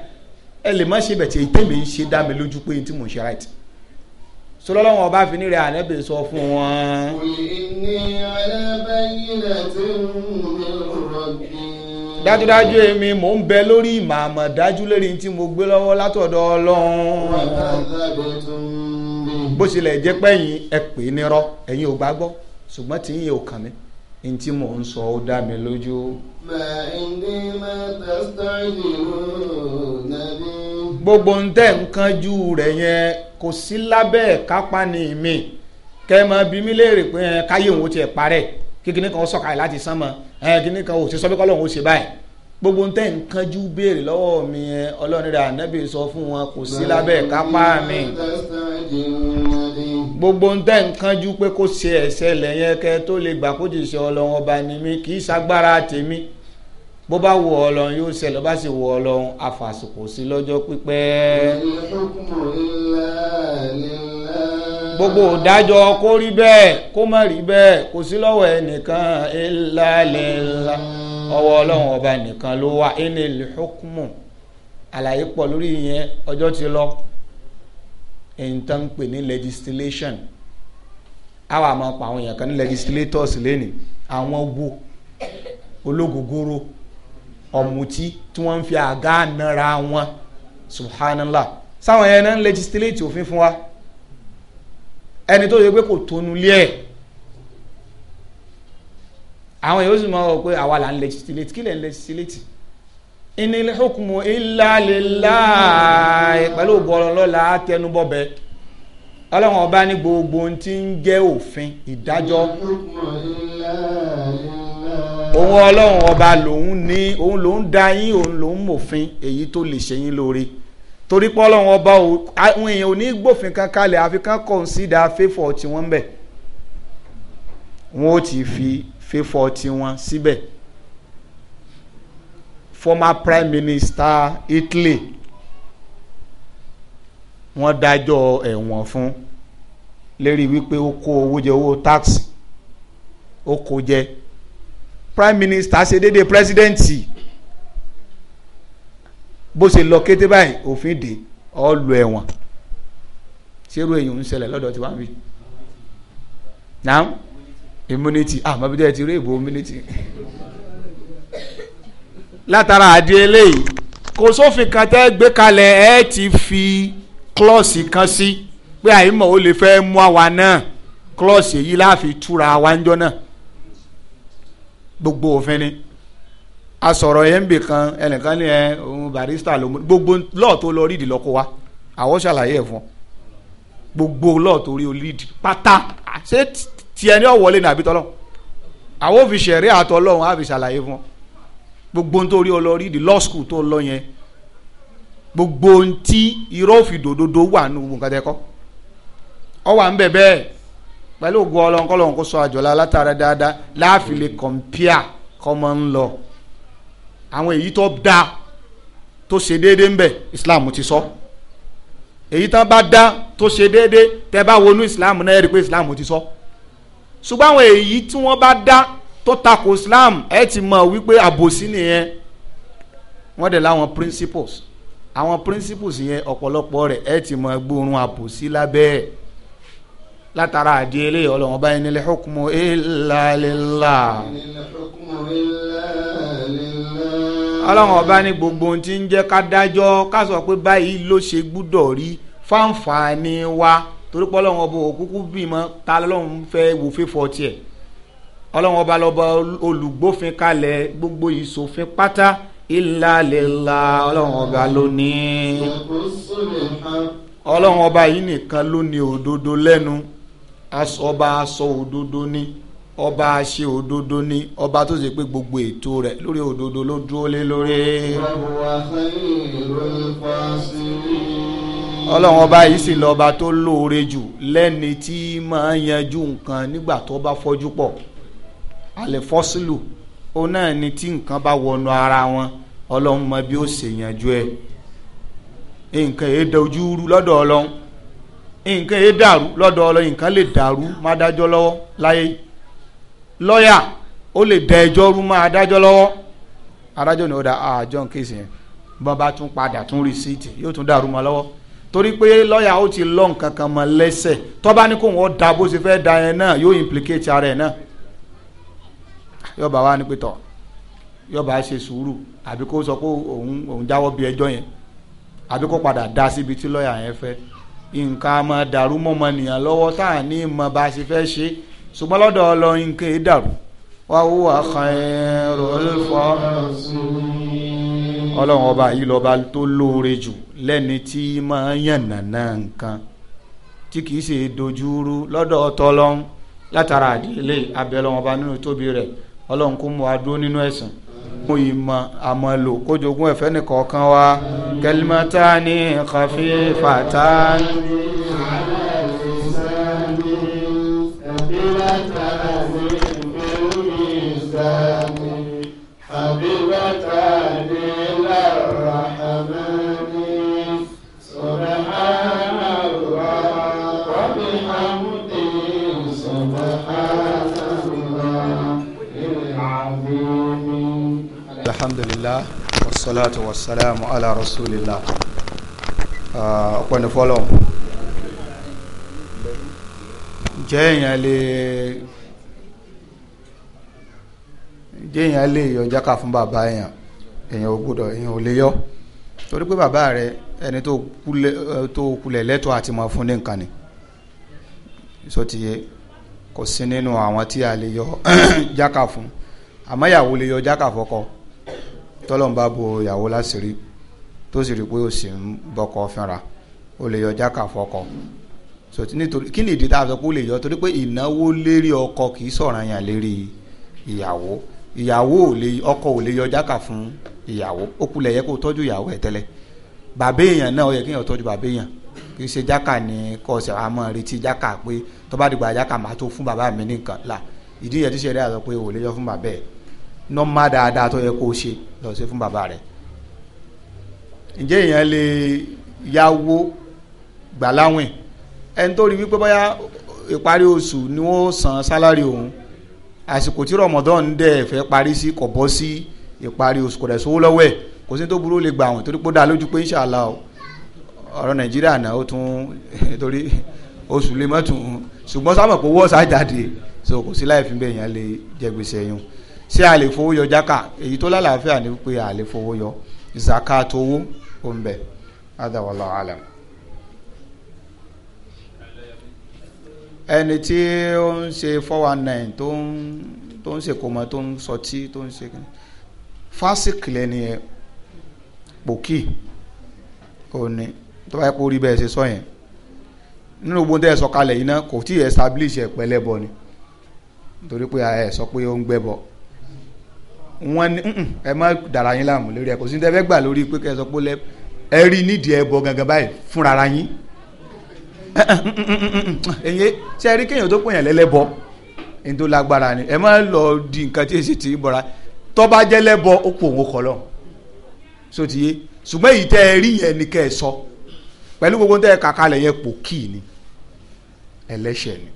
ẹ lè má ṣe bẹ̀ tí ń ṣe dá mi lójú pé tí mò ń ṣe right sọlọ́wọ́n ọba fini rẹ̀ ànábì sọ fún wọn. dájúdájú èmi mò ń bẹ lórí ìmọ̀ àmọ̀ dájú lórí tí mo gbé lọ́wọ́ látọ̀dọ̀ ọlọ́run. bó tilẹ̀ jẹ́ pé ẹ̀yin ẹ pè é nírọ́ ẹ̀yin ò gbàgbọ́ ṣùgbọ́n tí yín ò kàn mí ní mò ń sọ ó dá mi lójú. mà á ní má tẹ́sítọ́ ìlú gbogbo ń tẹ̀ ń kánjú rẹ̀ yẹn kò sí lábẹ́ ìkápá ni mi kẹ́ ẹ mọ bí mi léèrè pé káyé òun tiẹ̀ parẹ́ kí kinní kan sọ̀kalẹ̀ láti sánmọ̀ kinní kan ò ṣe sọ pé kọ́ lóun ó ṣe báyìí gbogbo ń tẹ̀ ń kánjú béèrè lọ́wọ́ mi yẹn ọlọ́run rẹ̀ ànábì sọ fún wọn kò sí lábẹ́ ìkápá mi gbogbo ń tẹ̀ ń kánjú pé kó ṣe ẹ̀ṣẹ̀ lẹ̀ yẹn tó lè gbà kó jìṣẹ́ ọlọ́run ọba ni mi kì í ṣagbára tèmi bó bá wù Ọlọ́run yóò ṣẹlẹ̀ bá sì wù Ọlọ́run afàsìkò sí lọ́jọ́ pípẹ́. gbogbo ìdájọ́ kó rí bẹ́ẹ̀ kó má rí bẹ́ẹ̀ kò sí lọ́wọ́ ẹnìkan ìlàlẹ́la ọwọ́ Ọlọ́run ọba nìkan ló wà inil hukmu àlàyé pọ̀ lórí ìyẹn ọjọ́ ti lọ èyí tó ń pè ní legislation àwọn àmọ́ pa àwọn èèyàn kan ní legislators lẹ́nìí àwọn wo ológogoro ọmụtí tí wọ́n ń fi àga nara wọn subhanallah sáwọn yẹn náà ń òfin fún wa ẹni tó yẹ pé kò tónú lé ẹ̀ àwọn yóò sì máa wọ pé àwa là ń legislate kí lè ń legislate inil hukmu illa pẹ̀lú lọ́la gbogbo ohun tí ń jẹ́ òun ọlọ́run ọba lòun ní òun lòun dá yín òun lòun mòfin èyí tó lè ṣe yín lóore torí pé ọlọ́run ọba àwọn èèyàn ò ní gbòfin kan kalẹ̀ àfi kan kọ̀ǹsídà fẹ́fọ̀ tiwọn ń bẹ̀ wọn ò ti fi fẹ́fọ̀ tiwọn síbẹ̀ former prime minister Italy wọ́n dájọ́ ẹ̀wọ̀n fún lérí wípé ó kó owó jẹ owó táksì ó kó jẹ prime minister ṣe déédéé pírẹsidẹ́ǹtì bó ṣe lọ kété báyìí òfin dè ọ́ lu ẹ̀wọ̀n ṣerú èyàn ń ṣẹlẹ̀ lọ́dọ̀ tí wọ́n fi now immunity ah mọ̀ bí dẹ́ ti rí ìbò immunity látara àdé eléyìí kò sófin kan tẹ́ gbé kalẹ̀ ẹ ti fi klọ́ọ̀sì kan sí pé àyìnbó ó lè fẹ́ mú àwa náà klọ́ọ̀sì èyí láàfin túra wa ń jọ náà gbogbo òfin ni asọ̀rọ̀ yẹn ń bì kan ẹnìkan ní ẹ òun barista ló mú gbogbo lọ́ọ̀tò lọ rídìí lọ́kọ wa àwọn ṣàlàyé ẹ̀ fún gbogbo lọ́ọ̀tò orí olídìí pátá ṣé tiẹ̀ ní ọ̀wọ́lé nàbí tọ́lọ́ àwọn òfin ṣẹ̀rí àtọ́lọ́hún àfi ṣàlàyé fún gbogbo nítorí ọlọ́rí di law school tó lọ yẹn gbogbo ntí irọ́ òfin dòdòdó wà nù nǹkan ọ wà ń bẹ̀ bẹ́ẹ̀ pẹ̀lú ògùn ọlọ́run kọ́lọ́run kó sọ àjọlá látara dáadáa láàfin lè kọ̀mpíà kọ́mọ ń lọ àwọn èyí tó dá tó ṣe déédéé ń bẹ Islam ti sọ èyí tán bá dá tó ṣe déédéé tẹ bá wọnú Islam náà ẹ rí i pé Islam ti sọ ṣùgbọ́n àwọn èyí tí wọ́n bá dá tó tako Islam ẹ ti mọ̀ wípé àbòsí nìyẹn wọ́n dẹ̀ láwọn principles àwọn principles yẹn ọ̀pọ̀lọpọ̀ rẹ̀ ẹ ti mọ̀ gbóòórùn àbòsí lábẹ́ ẹ̀ látara àdìyẹlẹ ọlọ́run ọba inil hukmu illa lillah ọba ní gbogbo ohun tí ń jẹ́ ká dájọ́ ká sọ pé báyìí ló ṣe rí fáǹfààní wa torí pé ọba òkúkú bímọ ta lọ́run fẹ́ wò ọba olùgbófin gbogbo ìṣòfin pátá ọba ọba yìí nìkan ọba aṣọ òdodo ni ọba aṣe òdodo ni ọba tó ṣe pé gbogbo ètò rẹ̀ lórí òdodo ló dúró lé lórí. ọlọ́run ọba yìí sì lọ́ba tó lóore jù lẹ́ni tí máa yanjú nǹkan nígbà tó bá fọ́jú pọ̀ alẹ́ fọ́sílù ó náà ni tí nǹkan bá wọnú ara wọn ọlọ́run mọ bí ó ṣèyànjú ẹ̀ nǹkan èédọ́jú rú lọ́dọ̀ ọlọ́run nǹkan yé dàrú lọ́dọ̀ ọlọ́ nǹkan lè dàrú má dájọ́ lọ́wọ́ láyé lọ́yà ó lè dá ẹjọ́ rú má dájọ́ lọ́wọ́ adájọ́ ni ó da àjọ nkéèsì yẹn bọ́n bá tún padà tún rìsíìtì yóò tún dàrú mọ́ lọ́wọ́ torí pé lọ́yà ó ti lọ́ nǹkan kan mọ́ lẹ́sẹ̀ tọ́ba ní kò wọ́n da bó ṣe fẹ́ da yẹn náà yóò implicate ara ẹ̀ náà yọba wa ni pé tọ̀ yọba ṣe sùúrù àbí kó sọ pé òun òun jáwọ́ bí ẹjọ́ yẹn àbí kó padà dá síbi tí lọ́yà yẹn fẹ́ nǹkan máa dàrú mọ́ ọmọnìyàn lọ́wọ́ tá à ní mọ bá a ṣe fẹ́ ṣe ṣùgbọ́n lọ́dọ̀ ọlọ nǹkan èé dàrú wá wúwà khairul fasirin ọlọ́run ọba yìí lọ́ba tó lóore jù lẹ́ni tí máa yànnàná nǹkan tí kìí ṣe dojúrú lọ́dọ̀ ọtọ́ látara àdílé abẹ́lọ́wọ́n ọba nínú tóbi rẹ̀ ọlọ́run kó mú wa dúró nínú ẹ̀sìn mú ìmọ̀ àmọ̀lò kójogún ẹ̀fẹ́ nìkọ̀ọ̀kan wa kẹlímọ́tà ní kàfífàtà. wasalaatu wasalaamu ala rasulillah ah, ọ̀pọ̀ni fọlọ́ jẹ́ èèyàn lè jẹ́ èèyàn lè yọ jáka fún bàbá èèyàn èèyàn ò gbọ́dọ̀ èèyàn ò lè yọ torí pé bàbá rẹ ẹni tó kulẹ̀ lẹ́tọ̀ọ́ àti máa fún ní nǹkan ni sọtìyẹ kò sí nínú àwọn tí a lè yọ jáka fún àmọ́ ìyàwó lè yọ jáka fọ́kọ tọ́lọ́n bá bo ìyàwó láṣìírí tó sì rí pé ó sì ń bọ́kọ fínra ó lè yọ jákà fọ́kọ nítorí kí ni ìdí tá a sọ pé ó lè yọ torí pé ìnáwó lérí ọkọ kì í sọ̀ràn yàn lérí ìyàwó ìyàwó ò lè ọkọ ò lè yọ jákà fún ìyàwó ó kulẹ̀ yẹ kó tọ́jú ìyàwó ẹ̀ tẹ́lẹ̀ bàbá èèyàn náà ó yẹ kí èèyàn tọ́jú bàbá èèyàn kì í ṣe jákà ní kọ́ọ̀sẹ̀ àmọ́ retí jákà pé tó dìgbà jákà máa tó fún bàbá mi nìkan là ìdí yẹn ti ṣe rí àlọ́ pé ò lè yọ fún bàbá ẹ̀ nọ́mà dáadáa tó yẹ kó ṣe lọ ṣe fún bàbá rẹ̀ ǹjẹ́ èèyàn lè yáwó gbàláwìn ẹni tó rí wípé bóyá ìparí oṣù ni wọ́n san sálárì òun àsìkò tí Ramadan dẹ̀ fẹ́ parí sí kò bọ́ sí ìparí oṣù kò dẹ̀ sówó lọ́wọ́ ẹ̀ kò sí tó burú lè gbà àwọn torí pé ó dá lójú pé inṣàlá ọ̀rọ̀ Nàìjíríà náà ó tún torí oṣù lè mọ́tún ṣùgbọ́n sábà pé owó jáde so kò sí láì fi bẹ́ẹ̀ yẹn lè jẹ gbèsè yẹn ṣé a lè fowó yọ jáka èyí tó lálàáfíà ni pé a lè fowó yọ zakat owó ó ń bẹ hada wallahu alam. ẹni tí ó ń ṣe four one nine tó ń tó ń ṣèkómọ tó ń sọtí tó ń ṣe fásitì lẹni ẹ pòkì òní tó bá yẹ kó rí bẹ́ẹ̀ ṣe sọ yẹn nínú gbogbo tẹ́ ẹ sọ kalẹ̀ yìí náà kò tí ì establish ẹ̀ pẹ́lẹ́bọ ni nítorí pé ẹ sọ pé ó ń gbẹ́bọ wọ́n ní ẹ má dàrá yín láàmú lórí ẹ kò sí ní tẹ́fẹ́ gbà lórí pé kẹsàn pé ẹ rí nídìí ẹbọ gangan báyìí fúnra ara yín ẹ̀yin ṣe rí kéèyàn tó pèèyàn lẹ́lẹ́bọ ní tó lágbára ni ẹ má lọ di nǹkan tí èsì tì í bọ̀ra tọ́ba jẹ́ lẹ́bọ ó pò òun kọ́ lọ sotiye ṣùgbọ́n èyí tẹ́ ẹ rí yẹn ni kẹ́ ẹ sọ pẹ̀lú gbogbo tẹ́ ẹ kàkálẹ̀ yẹn pò kíì ni ẹlẹ́ṣẹ̀ ni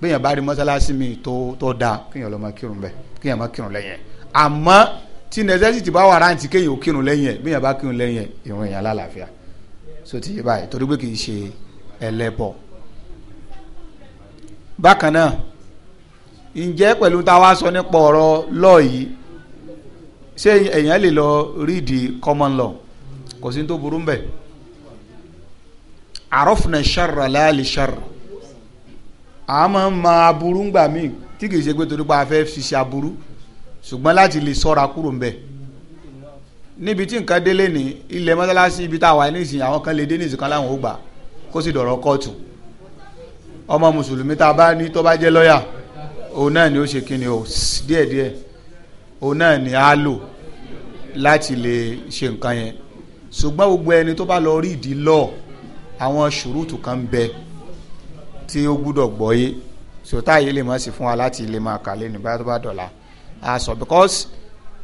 bẹ́ẹ̀ yẹn bá rí mọ́sálásí mi tó tó dáa kéèyàn lọ́ọ́ máa kírun bẹ́ẹ̀ kéèyàn máa kírun lẹ́yìn ẹ̀ àmọ́ tí necessity bá wà rántí kéèyàn ò kírun lẹ́yìn ẹ̀ bíyàn bá kírun lẹ́yìn ẹ̀ ìrun èèyàn lálàáfíà so ti yé báyìí torí pé kì í ṣe ẹlẹ́bọ. bákan náà ǹjẹ́ pẹ̀lú tá a wá sọ nípa ọ̀rọ̀ law yìí ṣé èèyàn lè lọ ríìdì common law kò sí tó burú mbẹ̀ àròfìnà ṣàrà láàlì ṣàrà àmọ́ máa burú ngbà míì tí kì í ṣe pé torí pé a fẹ́ ṣiṣẹ́ aburú ṣùgbọ́n láti lè sọ́ra kúrò ń bẹ̀ níbi tí nǹkan délé ní ilẹ̀ mọ́sálásí ibi tá a wà nísìnyí àwọn kan lè dé nísìnyí kan láwọn ò gbà kó sì dọ̀rọ̀ kóòtù ọmọ mùsùlùmí tá a bá ní tó bá jẹ́ lọ́ọ̀yà òun náà ni ó ṣe kíni o díẹ̀díẹ̀ òun náà ni a lò láti lè ṣe nǹkan yẹn ṣùgbọ́n gbogbo ẹni tó bá lọ rí ìdí lọ́ọ̀ àwọn ṣùrùtù kan bẹ tí ó gbúdọ̀ gbọ́yé sọtáyé lè má sí fún wa láti lè máa kà lẹ́nu tó bá dọ̀la aṣọ because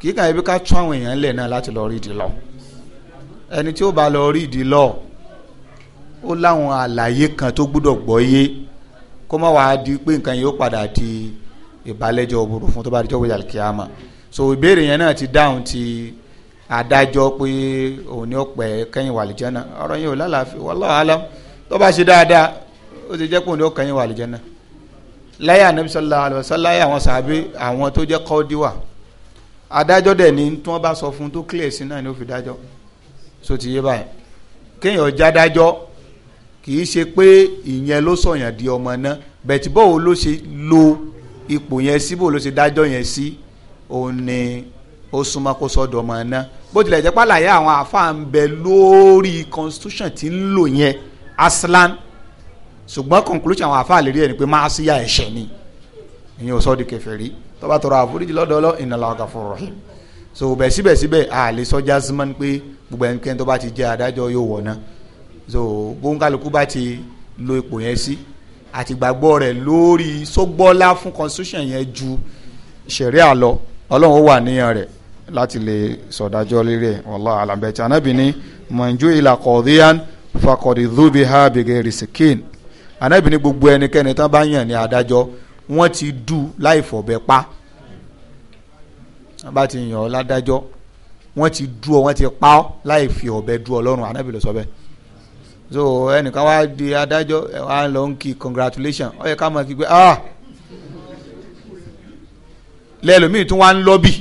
kì í kàn ebi ká tún àwọn èèyàn lẹ̀ náà láti lọ rídìí lọ ẹni tí ó bá lọ rídìí lọ ó láwọn àlàyé kan tó gbúdọ̀ gbọ́ yé kó má wàá di pé nǹkan yìí ó padà di ìbálẹ́jọ́ òbúrò fún tó bá di jọ́wọ́ yàlkíyàmà so ìbéèrè yẹn náà ti dáhùn ti adájọ́ pé òun ni ó pẹ́ kẹ́yìn wàlìjẹ́ náà ọ̀rọ̀ yẹn ò lálàáfíà wallahu alam tó bá ṣe dáadáa ó ti jẹ́ pé òun ni ó kẹ́yìn wàlìjẹ́ náà láyé anabi sallallahu alayhi wa sallam láyé àwọn sàbí àwọn tó jẹ́ kọ́ọ́díwà adájọ́ dẹ̀ ni tí wọ́n bá sọ fún tó clear sí náà ni ó fi dájọ́ so ti yé báyìí kéèyàn já dájọ́ kì í ṣe pé ìyẹn ló sọ̀yàn di ọmọ náà bẹ̀tì bọ́ọ̀ ló ṣe lo ipò yẹn sí bọ́ọ̀ ló ṣe dájọ́ yẹn sí òun ni ó súnmọ́ kó sọ́dọ̀ ọmọ náà bó tilẹ̀ jẹ́ pàlàyé àwọn àfa ń bẹ lórí constitution tí ń lò yẹn aslan ṣùgbọ́n conclusion àwọn àfáà lè rí ẹni pé máa ṣíyà ẹ̀ṣẹ̀ ni ìyẹn ò sọ di kèfèrí tó bá tọrọ àforíjì lọ́dọọlọ́ innal ghafurur rahim so bẹ́ẹ̀ síbẹ̀síbẹ̀ a lè sọ jasmine pé gbogbo ẹnikẹ́ni tó bá ti jẹ́ adájọ́ yóò wọ̀ náà so bóńkálukú bá ti lo ipò yẹn sí àti gbàgbọ́ rẹ̀ lórí sógbọ́lá fún constitution yẹn ju ṣẹ̀ríà lọ ọlọ́run wà níyàn anabi ní gbogbo ẹnikẹ́ni tán bá yàn ní adájọ́ wọ́n ti dù láì fọ̀bẹ pa wọ́n bá ti yàn ọ́ ládájọ́ wọ́n ti dù ọ́ wọ́n ti pa ọ́ láì fi ọ̀bẹ dù ọ́ anabi ló sọ bẹ́ẹ̀ so ẹnìkan wá di adájọ́ ẹ wá lọ ń kí congratulation ó yẹ ká máa kí ah lẹ́lòmíì tún wá ń lọ́bì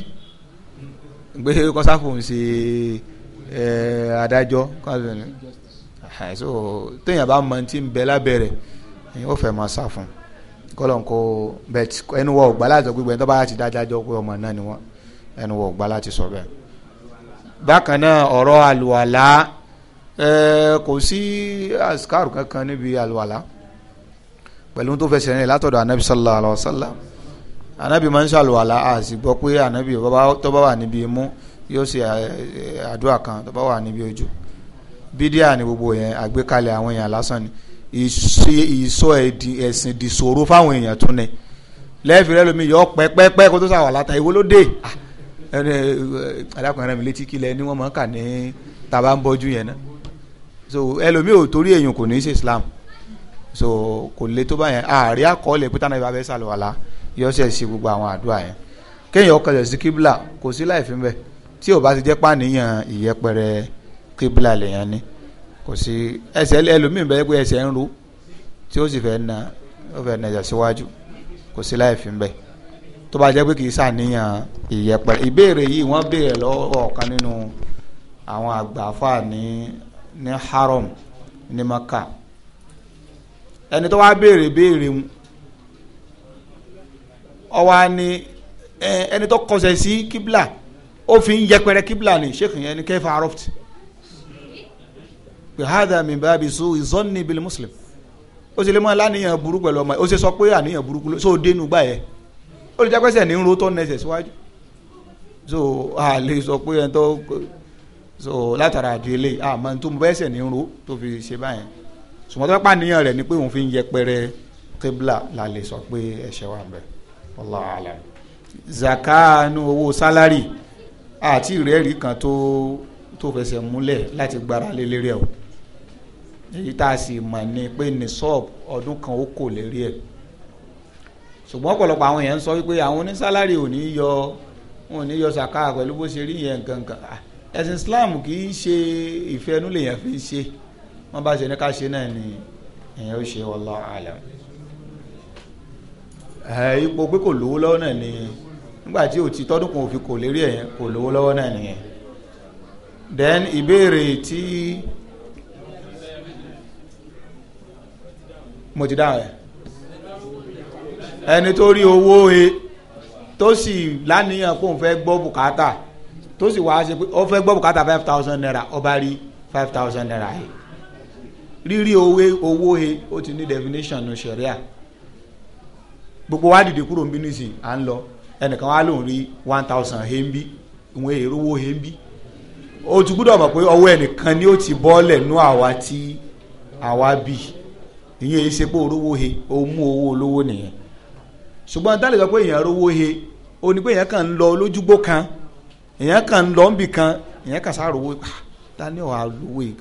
gbé kọ́sáfò ń ṣe adájọ́ kọ́sáfò ń ṣe so téèyàn bá mọ ti ń bẹ lábẹ́rẹ̀ ó fẹ́ máa sá fún kọ́lọ̀ ń kó bẹ́t ẹnu wọ ọ̀gbá láti sọ pé gbẹ̀ntàn bá ti dájájọ́ pé ọmọ náà ni wọ́n ẹnu wọ ọ̀gbá láti sọ bẹ́ẹ̀. bákan náà ọ̀rọ̀ àlùwàlá kò sí àsìkárù kankan níbi àlùwàlá pẹ̀lú tó fẹsẹ̀ rìn látọ̀dọ̀ anabi sallallahu alayhi wa anabi máa ń ṣàlùwàlá a gbọ́ pé anabi tó bá wà níbi imú yóò ṣe àdúrà kan tó bá wà níbi ojú bídíà ni gbogbo yẹn àgbékalẹ̀ àwọn èèyàn lásán ni ìsọ ẹ̀sìn dìṣòro fáwọn èèyàn tún ni lẹ́ẹ̀fì rẹ lómi yọ pẹ́pẹ́pẹ́ kó tó sàwọ̀ látà ìwó ló dé ah, ẹni alákùnrin mi létí kílẹ̀ ni wọ́n máa ń kà ní tàbá ń bọ́jú yẹn náà so ẹlòmíì ò torí èèyàn kò ní í ṣe Islam so kò le tó báyẹn ààrẹ àkọọ́lẹ̀ pété náà ìbáfẹ́ sàlùwàlà yọ ṣe ṣe gbogbo àwọn àdúrà yẹn kéèyàn ọkọ̀ ẹ̀ sí kíbla kò sí láì fi ń bẹ̀ tí ò bá ti jẹ́ pàníyàn ìyẹpẹrẹ kíbla lèèyàn ni kò sí ẹsẹ̀ ẹlòmíì bẹ́ẹ̀ pé ẹsẹ̀ ń ru tí ó sì fẹ́ na ó fẹ́ na ẹ̀jà síwájú kò sí láì fi bẹ́ẹ̀ tó bá jẹ́ pé kì í sàníyàn ìyẹpẹ̀ ìbéèrè yìí wọ́n béèrè lọ́wọ́ ọ̀kan nínú àwọn àgbàfà ní ní haram ní maka ẹni tó wá béèrè béèrè mu ó wá ní ẹni tó kọsẹ̀ sí kíbla ó fi ń yẹpẹrẹ kíbla ní sheikh yẹn ní kẹfà arọ́fìtì pé hádà mi bá bi sùn ìzọ́ni bil muslim ó sì lè mọ aláníyàn burú pẹ̀lú ọmọ ó sì sọ pé àníyàn burúkú ló sọ dénú gbà yẹ ó lè jápẹ́sẹ̀ ní ro tó nẹsẹ̀ síwájú so a lè sọ pé ẹni tó so látara àdìyẹlẹ àmọ́ tó mo bẹ́sẹ̀ ní ro tó fi ṣe báyẹn sùmọ́tò pápá níyàn rẹ̀ ni pé òun fi ń yẹpẹrẹ kébìlà la lè sọ pé ẹ̀ṣẹ̀ wà bẹ̀ wallahu alam zakanu owó sálárì àti ìrẹ́rìí kan tó tó fẹsẹ̀ múlẹ̀ láti gbára lé lérí ẹ̀ o. èyí tá a sì mọ̀ ni pé ní ọdụ kan ó kò rí ẹ̀ ṣùgbọ́n ọ̀pọ̀lọpọ̀ àwọn èèyàn ń sọ wípé àwọn onísàlárì ò yọ wọn ò ní yọ pẹ̀lú bó ṣe rí yẹn nǹkankan ah, ẹ̀sìn Islam kì í ṣe ìfẹ́nu lèèyàn fi ń ṣe wọ́n bá ni èèyàn ó ṣe ipò pé kò lówó ni nígbà tí tọ́dún kan òfin kò lérí kò lówó lọ́wọ́ náà nìyẹn. then ìbéèrè mo ti dáhùn ẹ ẹni tó rí owó he tó sì lánìyàn kó n fẹ́ gbọ́ bùkátà tó sì wáá ṣe pé ó fẹ́ gbọ́ bùkátà five thousand naira ọba rí five thousand naira e rírí owó owó he ó ti ní definition nu sẹ̀ríà gbogbo wa dìde kúrò nbí nísìnyí à ń lọ ẹnìkan wa lòun rí one thousand he ń bí ìwọ̀n èrò owó he o tún gbúdọ̀ mọ̀ pé ọwọ́ ẹnìkan ni ó ti bọ́ lẹ̀ nú àwa tí àwa bíi ìyẹn èyí pé olówó he o mú owó olówó nìyẹn ṣùgbọ́n dálè sọ pé èèyàn rówó he o ní pé èèyàn kàn lọ lójúgbó kan èèyàn kàn ń lọ ń bì kan èèyàn kàn sáà rówó ah dání ọ̀ yìí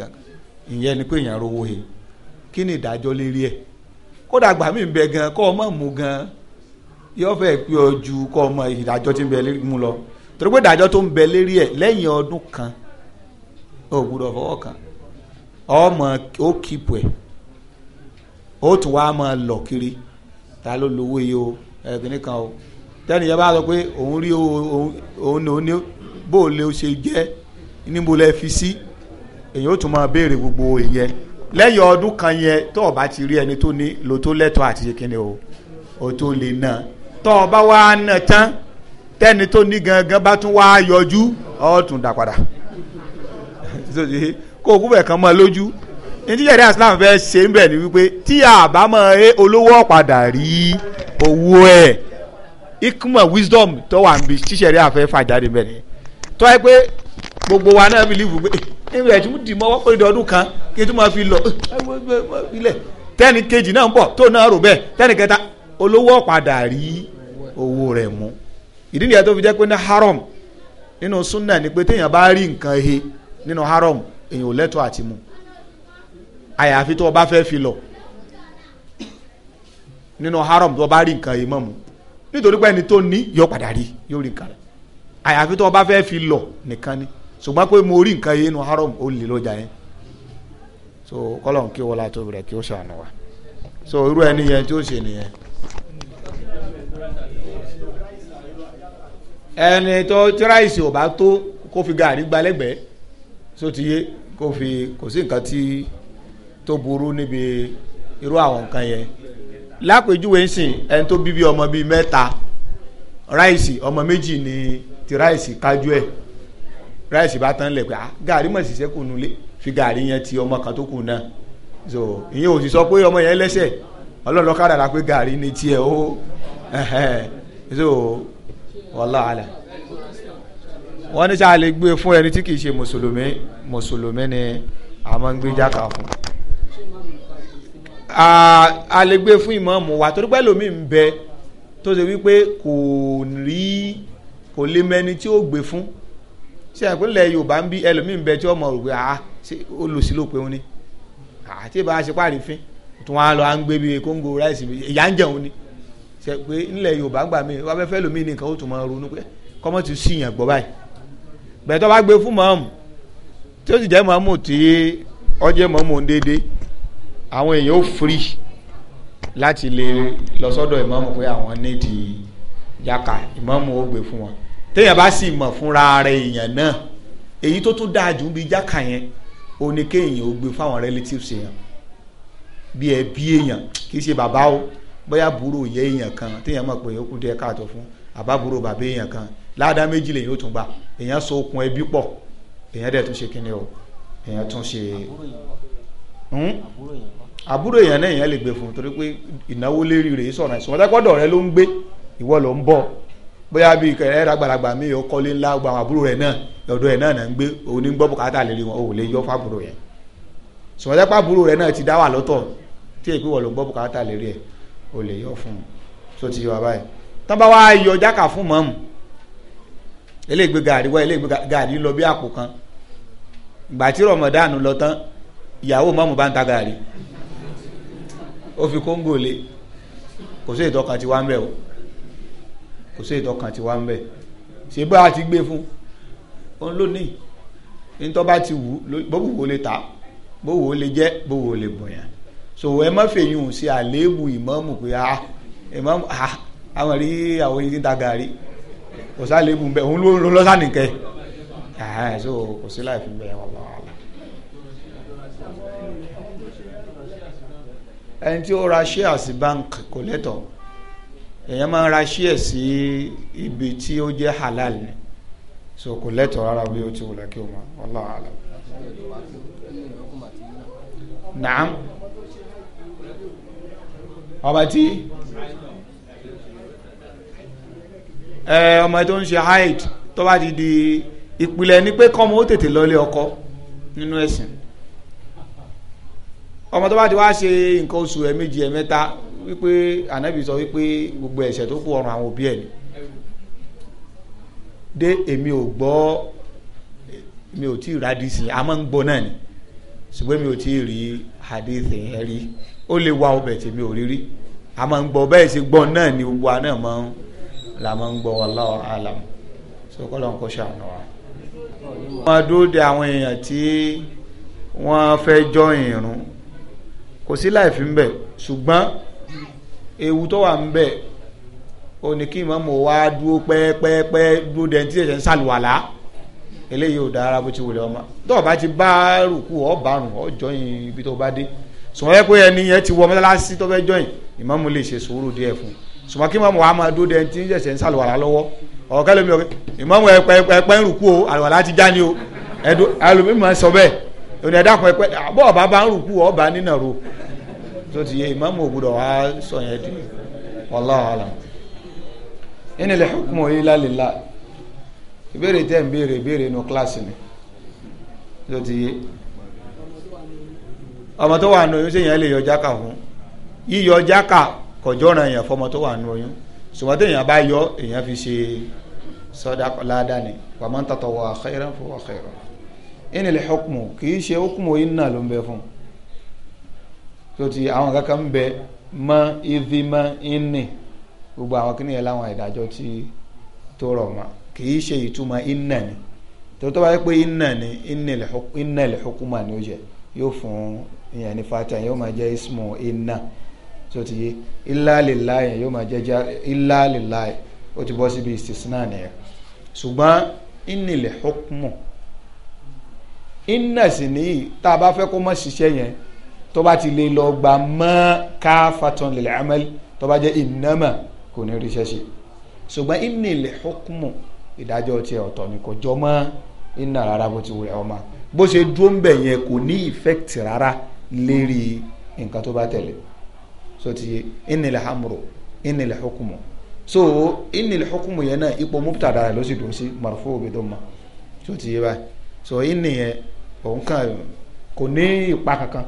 ìyẹn ni pé èèyàn rówó he kí ni ìdájọ́ lérí ẹ̀ mu gan yóò fẹ́ ọ ju kọ́ ọmọ ìdájọ́ ń bẹ lérí lọ torí pé ìdájọ́ tó ń bẹ lérí ẹ̀ lẹ́yìn kan ò gbúdọ̀ fọwọ́ kan ọmọ ó kíp ó tún wá máa lọ kiri ta ló lówó yìí o ẹ̀gbìn kan o tẹ́nìyẹ bá sọ pé òun rí òun ní òun bó lè ṣe jẹ́ níbo lẹ fi sí èyí ó tún máa béèrè gbogbo ìyẹn lẹ́yìn ọdún kan yẹn tó o bá ti rí ẹni tó ní lo tó lẹ́tọ̀ọ́ àti kíni o o tó lè nà tó o bá wá nà tán tẹ́ni tó ní gangan bá tún wá yọjú ọ̀ tún dà padà kó o kú bẹ̀ kàn mọ́ lójú níjíṣẹ́rí islam fẹ́ ṣe ń ni wípé tí àbámọ̀ ẹ olówó ọ̀padà rí owó ẹ̀ ikuma wisdom tó wà níbi tíṣẹ̀rí fàjáde tó pé gbogbo wa náà bìlíìfù pé ẹ̀mí ẹ̀ tí mo ọdún kan kí fi lọ ilẹ̀ tẹ́ni kejì náà ń bọ̀ tó náà rò fi jẹ́ pé ní haram nínú sunna ni pé téèyàn bá rí nǹkan he nínú haram ò lẹ́tọ̀ọ́ àti mu àyàfi tó o bá fẹ́ fi lọ nínú haram tó o bá rí nǹkan yìí mọ̀ mu nítorí pé ẹni tó ní yóò padà rí yóò rí nǹkan rẹ̀ àyàfi tó o bá fẹ́ fi lọ nìkan ni ṣùgbọ́n pé mo rí nǹkan yìí nínú haram ó lè lọ́jà yẹn so kọ́lọ́n kí wọ́n la tóbi rẹ̀ kí ó ṣàánú wa so irú ẹni yẹn tí ó ṣe nìyẹn. ẹni tó tíráìsì ò bá tó kó fi gàrí gbalẹ́gbẹ̀ẹ́ sótìyé kó fi kò sí nǹkan tí tó burú níbi irú àwọn nǹkan yẹn lápèjúwe ń sìn ẹni tó bí bí ọmọ bíi mẹ́ta ráìsì ọmọ méjì ni ti ráìsì kájú ẹ̀ ráìsì bá tán lẹ̀ pé ah, gàrí mọ̀ ṣiṣẹ́ kù nulẹ̀ fi gàrí yẹn ti ọmọ kan tó kù náà so ìyẹn ò sì sọ pé ọmọ yẹn lẹ́sẹ̀ ọlọ́run lọ́kàdà la pé gàrí ni tiẹ̀ ó so wallahu ala wọ́n ní sáà lè gbé fún ẹni tí kì í ṣe mùsùlùmí mùsùlùmí ni a ń gbé jáka fún un a lè gbé fún ìmọ̀ọ́mù wa torí pé lómi ń bẹ tó ṣe wípé kò rí kò lè mẹni tí ó gbé fún ṣe àpínlẹ̀ yorùbá ń bí ẹlòmíín bẹ tí ọmọ rò pé àá ah, olùsílòpẹ̀ òun ni àti ah, ìbá ṣe pàrífín tí wọ́n á lọ à ń gbé bíi kóńgò ráìsì ìyá ń jẹun ni ṣe pé ńlẹ̀ yorùbá gbà mí wọ́n fẹ́ lómi nìkan ó tún máa ronú pé kọ́mọ́ ti ṣìyàn gbọ́ báyìí bẹ̀tọ́ bá gbé fún mọ́ọ̀mù tí ó sì jẹ́ mọ́ọ̀mù tí ọjẹ́ mọ́ọ̀mù ń déédéé àwọn èèyàn ó free láti lè lọ sọ́dọ̀ ìmáàmù pé àwọn nídìí yàkà ìmáàmù ó gbé fún wọn téèyàn bá sì mọ̀ fúnra rẹ̀ èèyàn náà èyí tó tún dáa jù ń bi yàkà yẹn ó ní kéèyàn ó gbé fáwọn relatives èèyàn bí ẹbí èèyàn kì í ṣe bàbá o bóyá búrò yẹ èèyàn kan téèyàn mọ̀ pé ó kù díẹ̀ káàtó fún àbábúrò bàbá èèyàn kan ládàá méjì lèyìn ó tún gbà èèyàn so okùn ẹbí pọ̀ èèyàn dẹ̀ tún ṣe kíni o èèyàn tún ṣe Hmm? àbúrò èèyàn náà èèyàn lè gbé fún torí pé ìnáwó lérí rèé sọ̀rọ̀ ẹ̀sùn ọ̀tẹ́kọ́dọ̀ rẹ ló ń gbé ìwọ ló ń bọ̀ bóyá bíi kẹrẹ ragbaragba mi yọ kọ́lé ńlá gba àwọn àbúrò rẹ náà ọ̀dọ̀ ẹ̀ náà náà ń gbé òun ní gbọ́ bùkátà lè rí wọn ò lè yọ fábùrò yẹn sọ̀rọ̀dẹ́pà àbúrò rẹ náà ti dá wà lọ́tọ̀ tí èpè wọ̀ ló ń gbọ́ bùkátà lè rí ẹ̀ ò lè yọ fún un tó ti yọ wá báyìí tán bá wá yọ jáka fún mọ́mù ìyàwó mọ́mù bá ń ta gàrí ó fi kóńgò lé kò sí ìtọ́kàn tí wá ń bẹ̀ o kò sí ìtọ́kàn tí wá ń bẹ̀ ṣe bá a ti gbé fún òun lónìí ní tó bá ti wù bówù ó lè ta bówù ó lè jẹ́ bówù ó lè bọ̀yàn so ẹ má fèyìn ò sí àléébù ìmọ̀mù pé ah ìmọ̀mù ah àwọn rí àwọn yìí ń ta gàrí kò sí àléébù ń bẹ̀ òun ló ń lọ sánìkẹ́ ah, so kò sí láì fi bẹ̀ wọ́n lọ́wọ́. ẹni tí ó ra share sí bank kò lẹ́tọ̀ọ́ èèyàn máa ń ra share sí ibi tí ó jẹ́ halal ni so kò lẹ́tọ̀ọ́ rárá bí ó ti wùlẹ̀ kí o mọ̀ wallahu alam. naam ọba tí ọmọ tó ń ṣe hide tó bá ti di ìpìlẹ̀ ni pé kọ́mọ ó tètè lọ lé ọkọ nínú ẹ̀sìn ọmọ tó bá ti wá ṣe nǹkan oṣù ẹ̀ méjì ẹ̀ mẹ́ta wípé ànábì sọ wípé gbogbo ẹ̀ṣẹ̀ tó kù ọrùn àwọn òbí ẹ̀ ni dé èmi ò gbọ́ mi ò tí ì rádìí sí i ń gbọ́ náà ni ṣùgbọ́n mi ò tí ì rí hadith yẹn rí ó lè wá ọbẹ̀ tèmi ò rí rí a ń gbọ́ bẹ́ẹ̀ ṣe gbọ́ náà ni gbogbo àná máa la máa ń gbọ́ wallahu alam sọkọ́lọ́ ń kọ́ ṣàánú wa. wọ́n dúró de àwọn èèyàn tí wọ́n fẹ́ jọ ìrún kò sí láìfi ń bẹ̀ ṣùgbọ́n ewu tó wà ń bẹ̀ ó ní kí ìmọ̀mù wá dúró pẹ́ẹ́pẹ́ẹ́pẹ́ dúró dẹ́ntì ẹ̀ṣẹ̀ ń ṣàlùwàlá eléyìí ò dára bó ti wùlẹ̀ ọmọ tó o bá ti bá rùkú ọ̀ bàrùn ọ̀ jọyìn ibi tó o bá dé sùnmọ́ ẹ pé ẹni yẹn ti wọ mọ́tàlásí tó fẹ́ jọyìn ìmọ̀mù lè ṣe sùúrù díẹ̀ fún sùnmọ́ kí ìmọ̀mù wa máa dúró dẹ́ntì ẹ̀ṣẹ̀ ń ṣàlùwàlá lọ́wọ́ ọ̀kẹ́ ọ̀kẹ́ ìmọ̀mù ẹ̀pẹ́ ẹ̀pẹ́ ń rùkú o àlùwàlá ti já ni o ẹlòmíì máa sọ bẹ́ẹ̀ òní ẹ̀dá kan ẹ̀pẹ́ àbọ̀ ọ̀bá bá ń rùkú ọ̀bá nínà ro tó ti yẹ ìmáàmù ògbúdọ̀ wá sọ yẹn di wallahu alam inil hukmu illa ìbéèrè ń béèrè kíláàsì ni tó ti ọmọ tó wà nù oyún sèyàn lè yọ jáka fún yíyọ jáka kọjọ́ra èèyàn fọmọ tó wà nù oyún bá yọ èèyàn fi ṣe sọ́dá ládàá ni wa man ìnìlẹ̀ ọkùnmù kìí ṣe ọkùnmù yìí ló ń bẹ fún tó ti àwọn kankan ń bẹ ma ìdí mọ ìní gbogbo àwọn kìnìyàn awon ìdájọ́ ti tó ma mọ́ kìí ṣe ìtumọ̀ ìnà ni tó tó bá yẹ ni ìnìlẹ̀ ni yóò fún ìyẹn ismu ti ti iná sì nìyí tá a bá fẹ́ kó mọ̀ ṣiṣẹ́ yẹn tó bá ti lè lọ gba mọ́ káfàtàn lil amal tó bá jẹ́ ìnámà kò ní ríṣẹ́ ṣe ṣùgbọ́n iná ilẹ̀ hókùmù ìdájọ́ tiẹ̀ ọ̀tọ̀ ni kò jọ mọ́ iná rárá bó ti wúrẹ̀ ọmọ bó ṣe dúró ń bẹ̀ yẹn kò ní effect rárá lérí nǹkan tó bá tẹ̀lé so ti yé iná ilẹ̀ hamuru iná ilẹ̀ hókùmù so iná ilẹ̀ hókùmù yẹn náà ipò mubtada ló sì dùn sí marfu bi dhamma so ti yé báyìí so iná yẹn òun kàn kò ní ipa kankan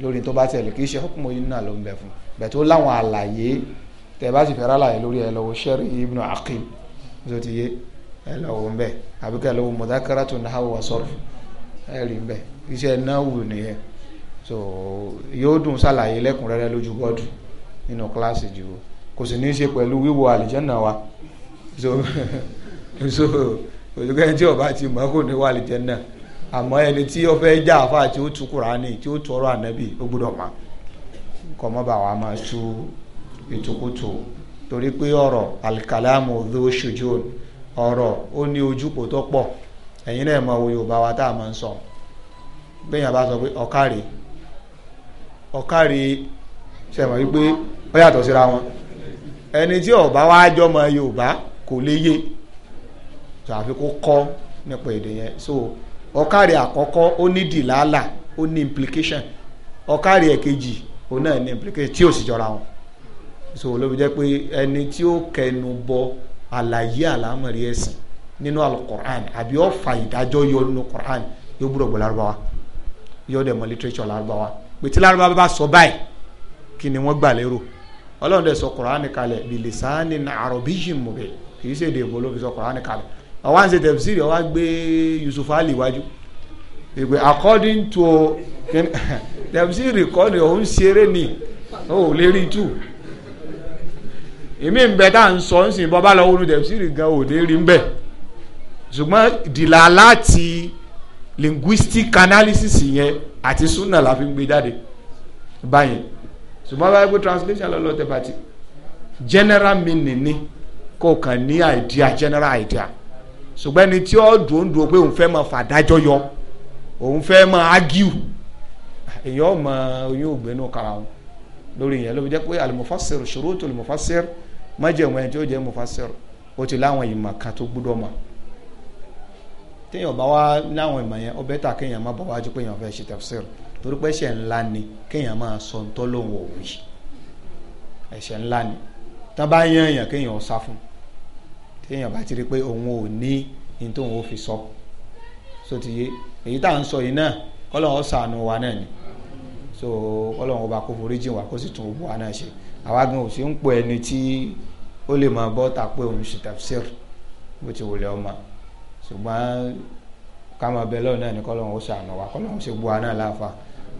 lórí tó bá tẹ̀lé kì í ṣe ọkùnrin yìí náà ló ń bẹ fún bẹ̀ tó láwọn àlàyé tẹ̀ bá sì fẹ́ rálàyé lórí ẹ lọ́wọ́ sẹ́rí ibnu aqil tó ti yé ẹ lọ́wọ́ ń bẹ̀ àbíkẹ́ lọ́wọ́ mudhakaratun nahwu wa sarf ẹ rí ń bẹ̀ iṣẹ́ náwó nìyẹn so yóò dùn sàlàyé lẹ́kùnrẹ́rẹ́ lójú gọ́ọ̀dù nínú kíláàsì jù kò sì ní í ṣe pẹ̀lú wíwo àlìjẹ́nà wa so so òṣùgbọ́n ẹni tí ọba ti mọ̀ kò ní wà àlìjẹ́nà àmọ́ ẹni tí ó fẹ́ já àfa tí ó tu kùránì tí ó tu ọ̀rọ̀ ànábì ó gbọ́dọ̀ mọ̀ kọ́ mọ́ bá wa máa tu ìtukùtù torí pé ọ̀rọ̀ alikalamu dhu shujun ọ̀rọ̀ ó ní ojúkò tó pọ̀ ẹ̀yin náà mọ òye òbá wa tá a máa ń sọ bẹ́ẹ̀yàn bá sọ pé ọ̀kárì ọ̀kárì ṣe mọ̀ wípé ó yàtọ̀ síra wọn ẹni tí ọ̀bá wa jọmọ Yorùbá kò léye tàbí kó kọ́ nípa èdè yẹn so ọ̀kàrí àkọ́kọ́ ó ní dìlálà ó ní implication ọ̀kàrí ẹ̀kejì òun náà ní implication tí ò sì jọra wọn so ló fi jẹ́ pé ẹni tí ó kẹnu bọ àlàyé àlámọ̀rí ẹ̀sìn nínú alukur'an àbí ó ìdájọ́ yọ nínú kur'an yóò gbúdọ̀ gbọ́ lárúbáwá yóò dẹ̀ mọ̀ literature lárúbáwá lárúbáwá bá sọ báyìí kí ni wọ́n gbà lérò ọlọ́run dẹ̀ sọ kur'an kalẹ̀ kì í ṣèdè ìbò ló sọ kur'an kalẹ̀ ọwọ́ àǹsẹ̀ tẹ̀síìrì ọwọ́ gbé Yusuf Ali wájú ìgbé according to tẹ̀síìrì kọ́ ni òun ṣeré ni ó lè rí tù èmi ń bẹ tá à ń sọ ń sìn bọ́bá lọ́wọ́ tẹ̀síìrì gan ò lè rí ń bẹ̀ ṣùgbọ́n ìdìlà láti linguistic analysis yẹn àti sunna la fi ń gbé jáde báyìí ṣùgbọ́n báyìí pé translation lọ́lọ́ tẹ̀ bàtì general meaning ni kò kàn ní idea general idea ṣùgbọ́n ẹni tí ó dùn ún dùn pé òun fẹ́ máa fàdájọ́ yọ òun fẹ́ máa ágíù èyàn ọmọ oyún ògbénu kara wọn lórí yẹn ló fi jẹ́ pé alimufasir ṣòro tó alimufasir má jẹ́ ìwọ̀n ẹni tí ó jẹ́ mufasir ó ti láwọn ìmọ̀ kan tó gbúdọ̀ mọ̀ téèyàn bá wá láwọn ìmọ̀ yẹn ó bẹ́tà kéèyàn má bọ̀ wájú pé èèyàn fẹ́ ṣe tafsir torí pé ẹ̀ṣẹ̀ ńlá ni kéèyàn máa sọ ń tọ́ lóhùn òwì ẹ̀ṣẹ̀ ńlá ni tán bá yán èèyàn kéèyàn sá fún un téèyàn bá ti rí pé òun ò ní ní tóun ò fi sọ so ti yé èyí tá à ń sọ yìí náà kọ́lọ́hún ṣàánú wa náà ni so kọ́lọ́hún ọba kó forí jìn wá kó sì tún gbogbo wa náà ṣe àwa gan ò sí ń pọ ẹni tí ó lè máa bọ́ ta pé òun ṣe tafsir bó ti wòlé ọmọ ṣùgbọ́n ká máa bẹ lọ́wọ́ náà ni kọ́lọ́hún ó ṣàánú wa kọ́lọ́hún ṣe gbọ́ wa náà láàfa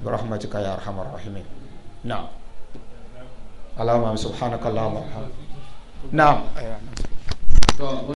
rahmatika ya arhamar rahimin naam allahumma subhanaka allahumma naam. God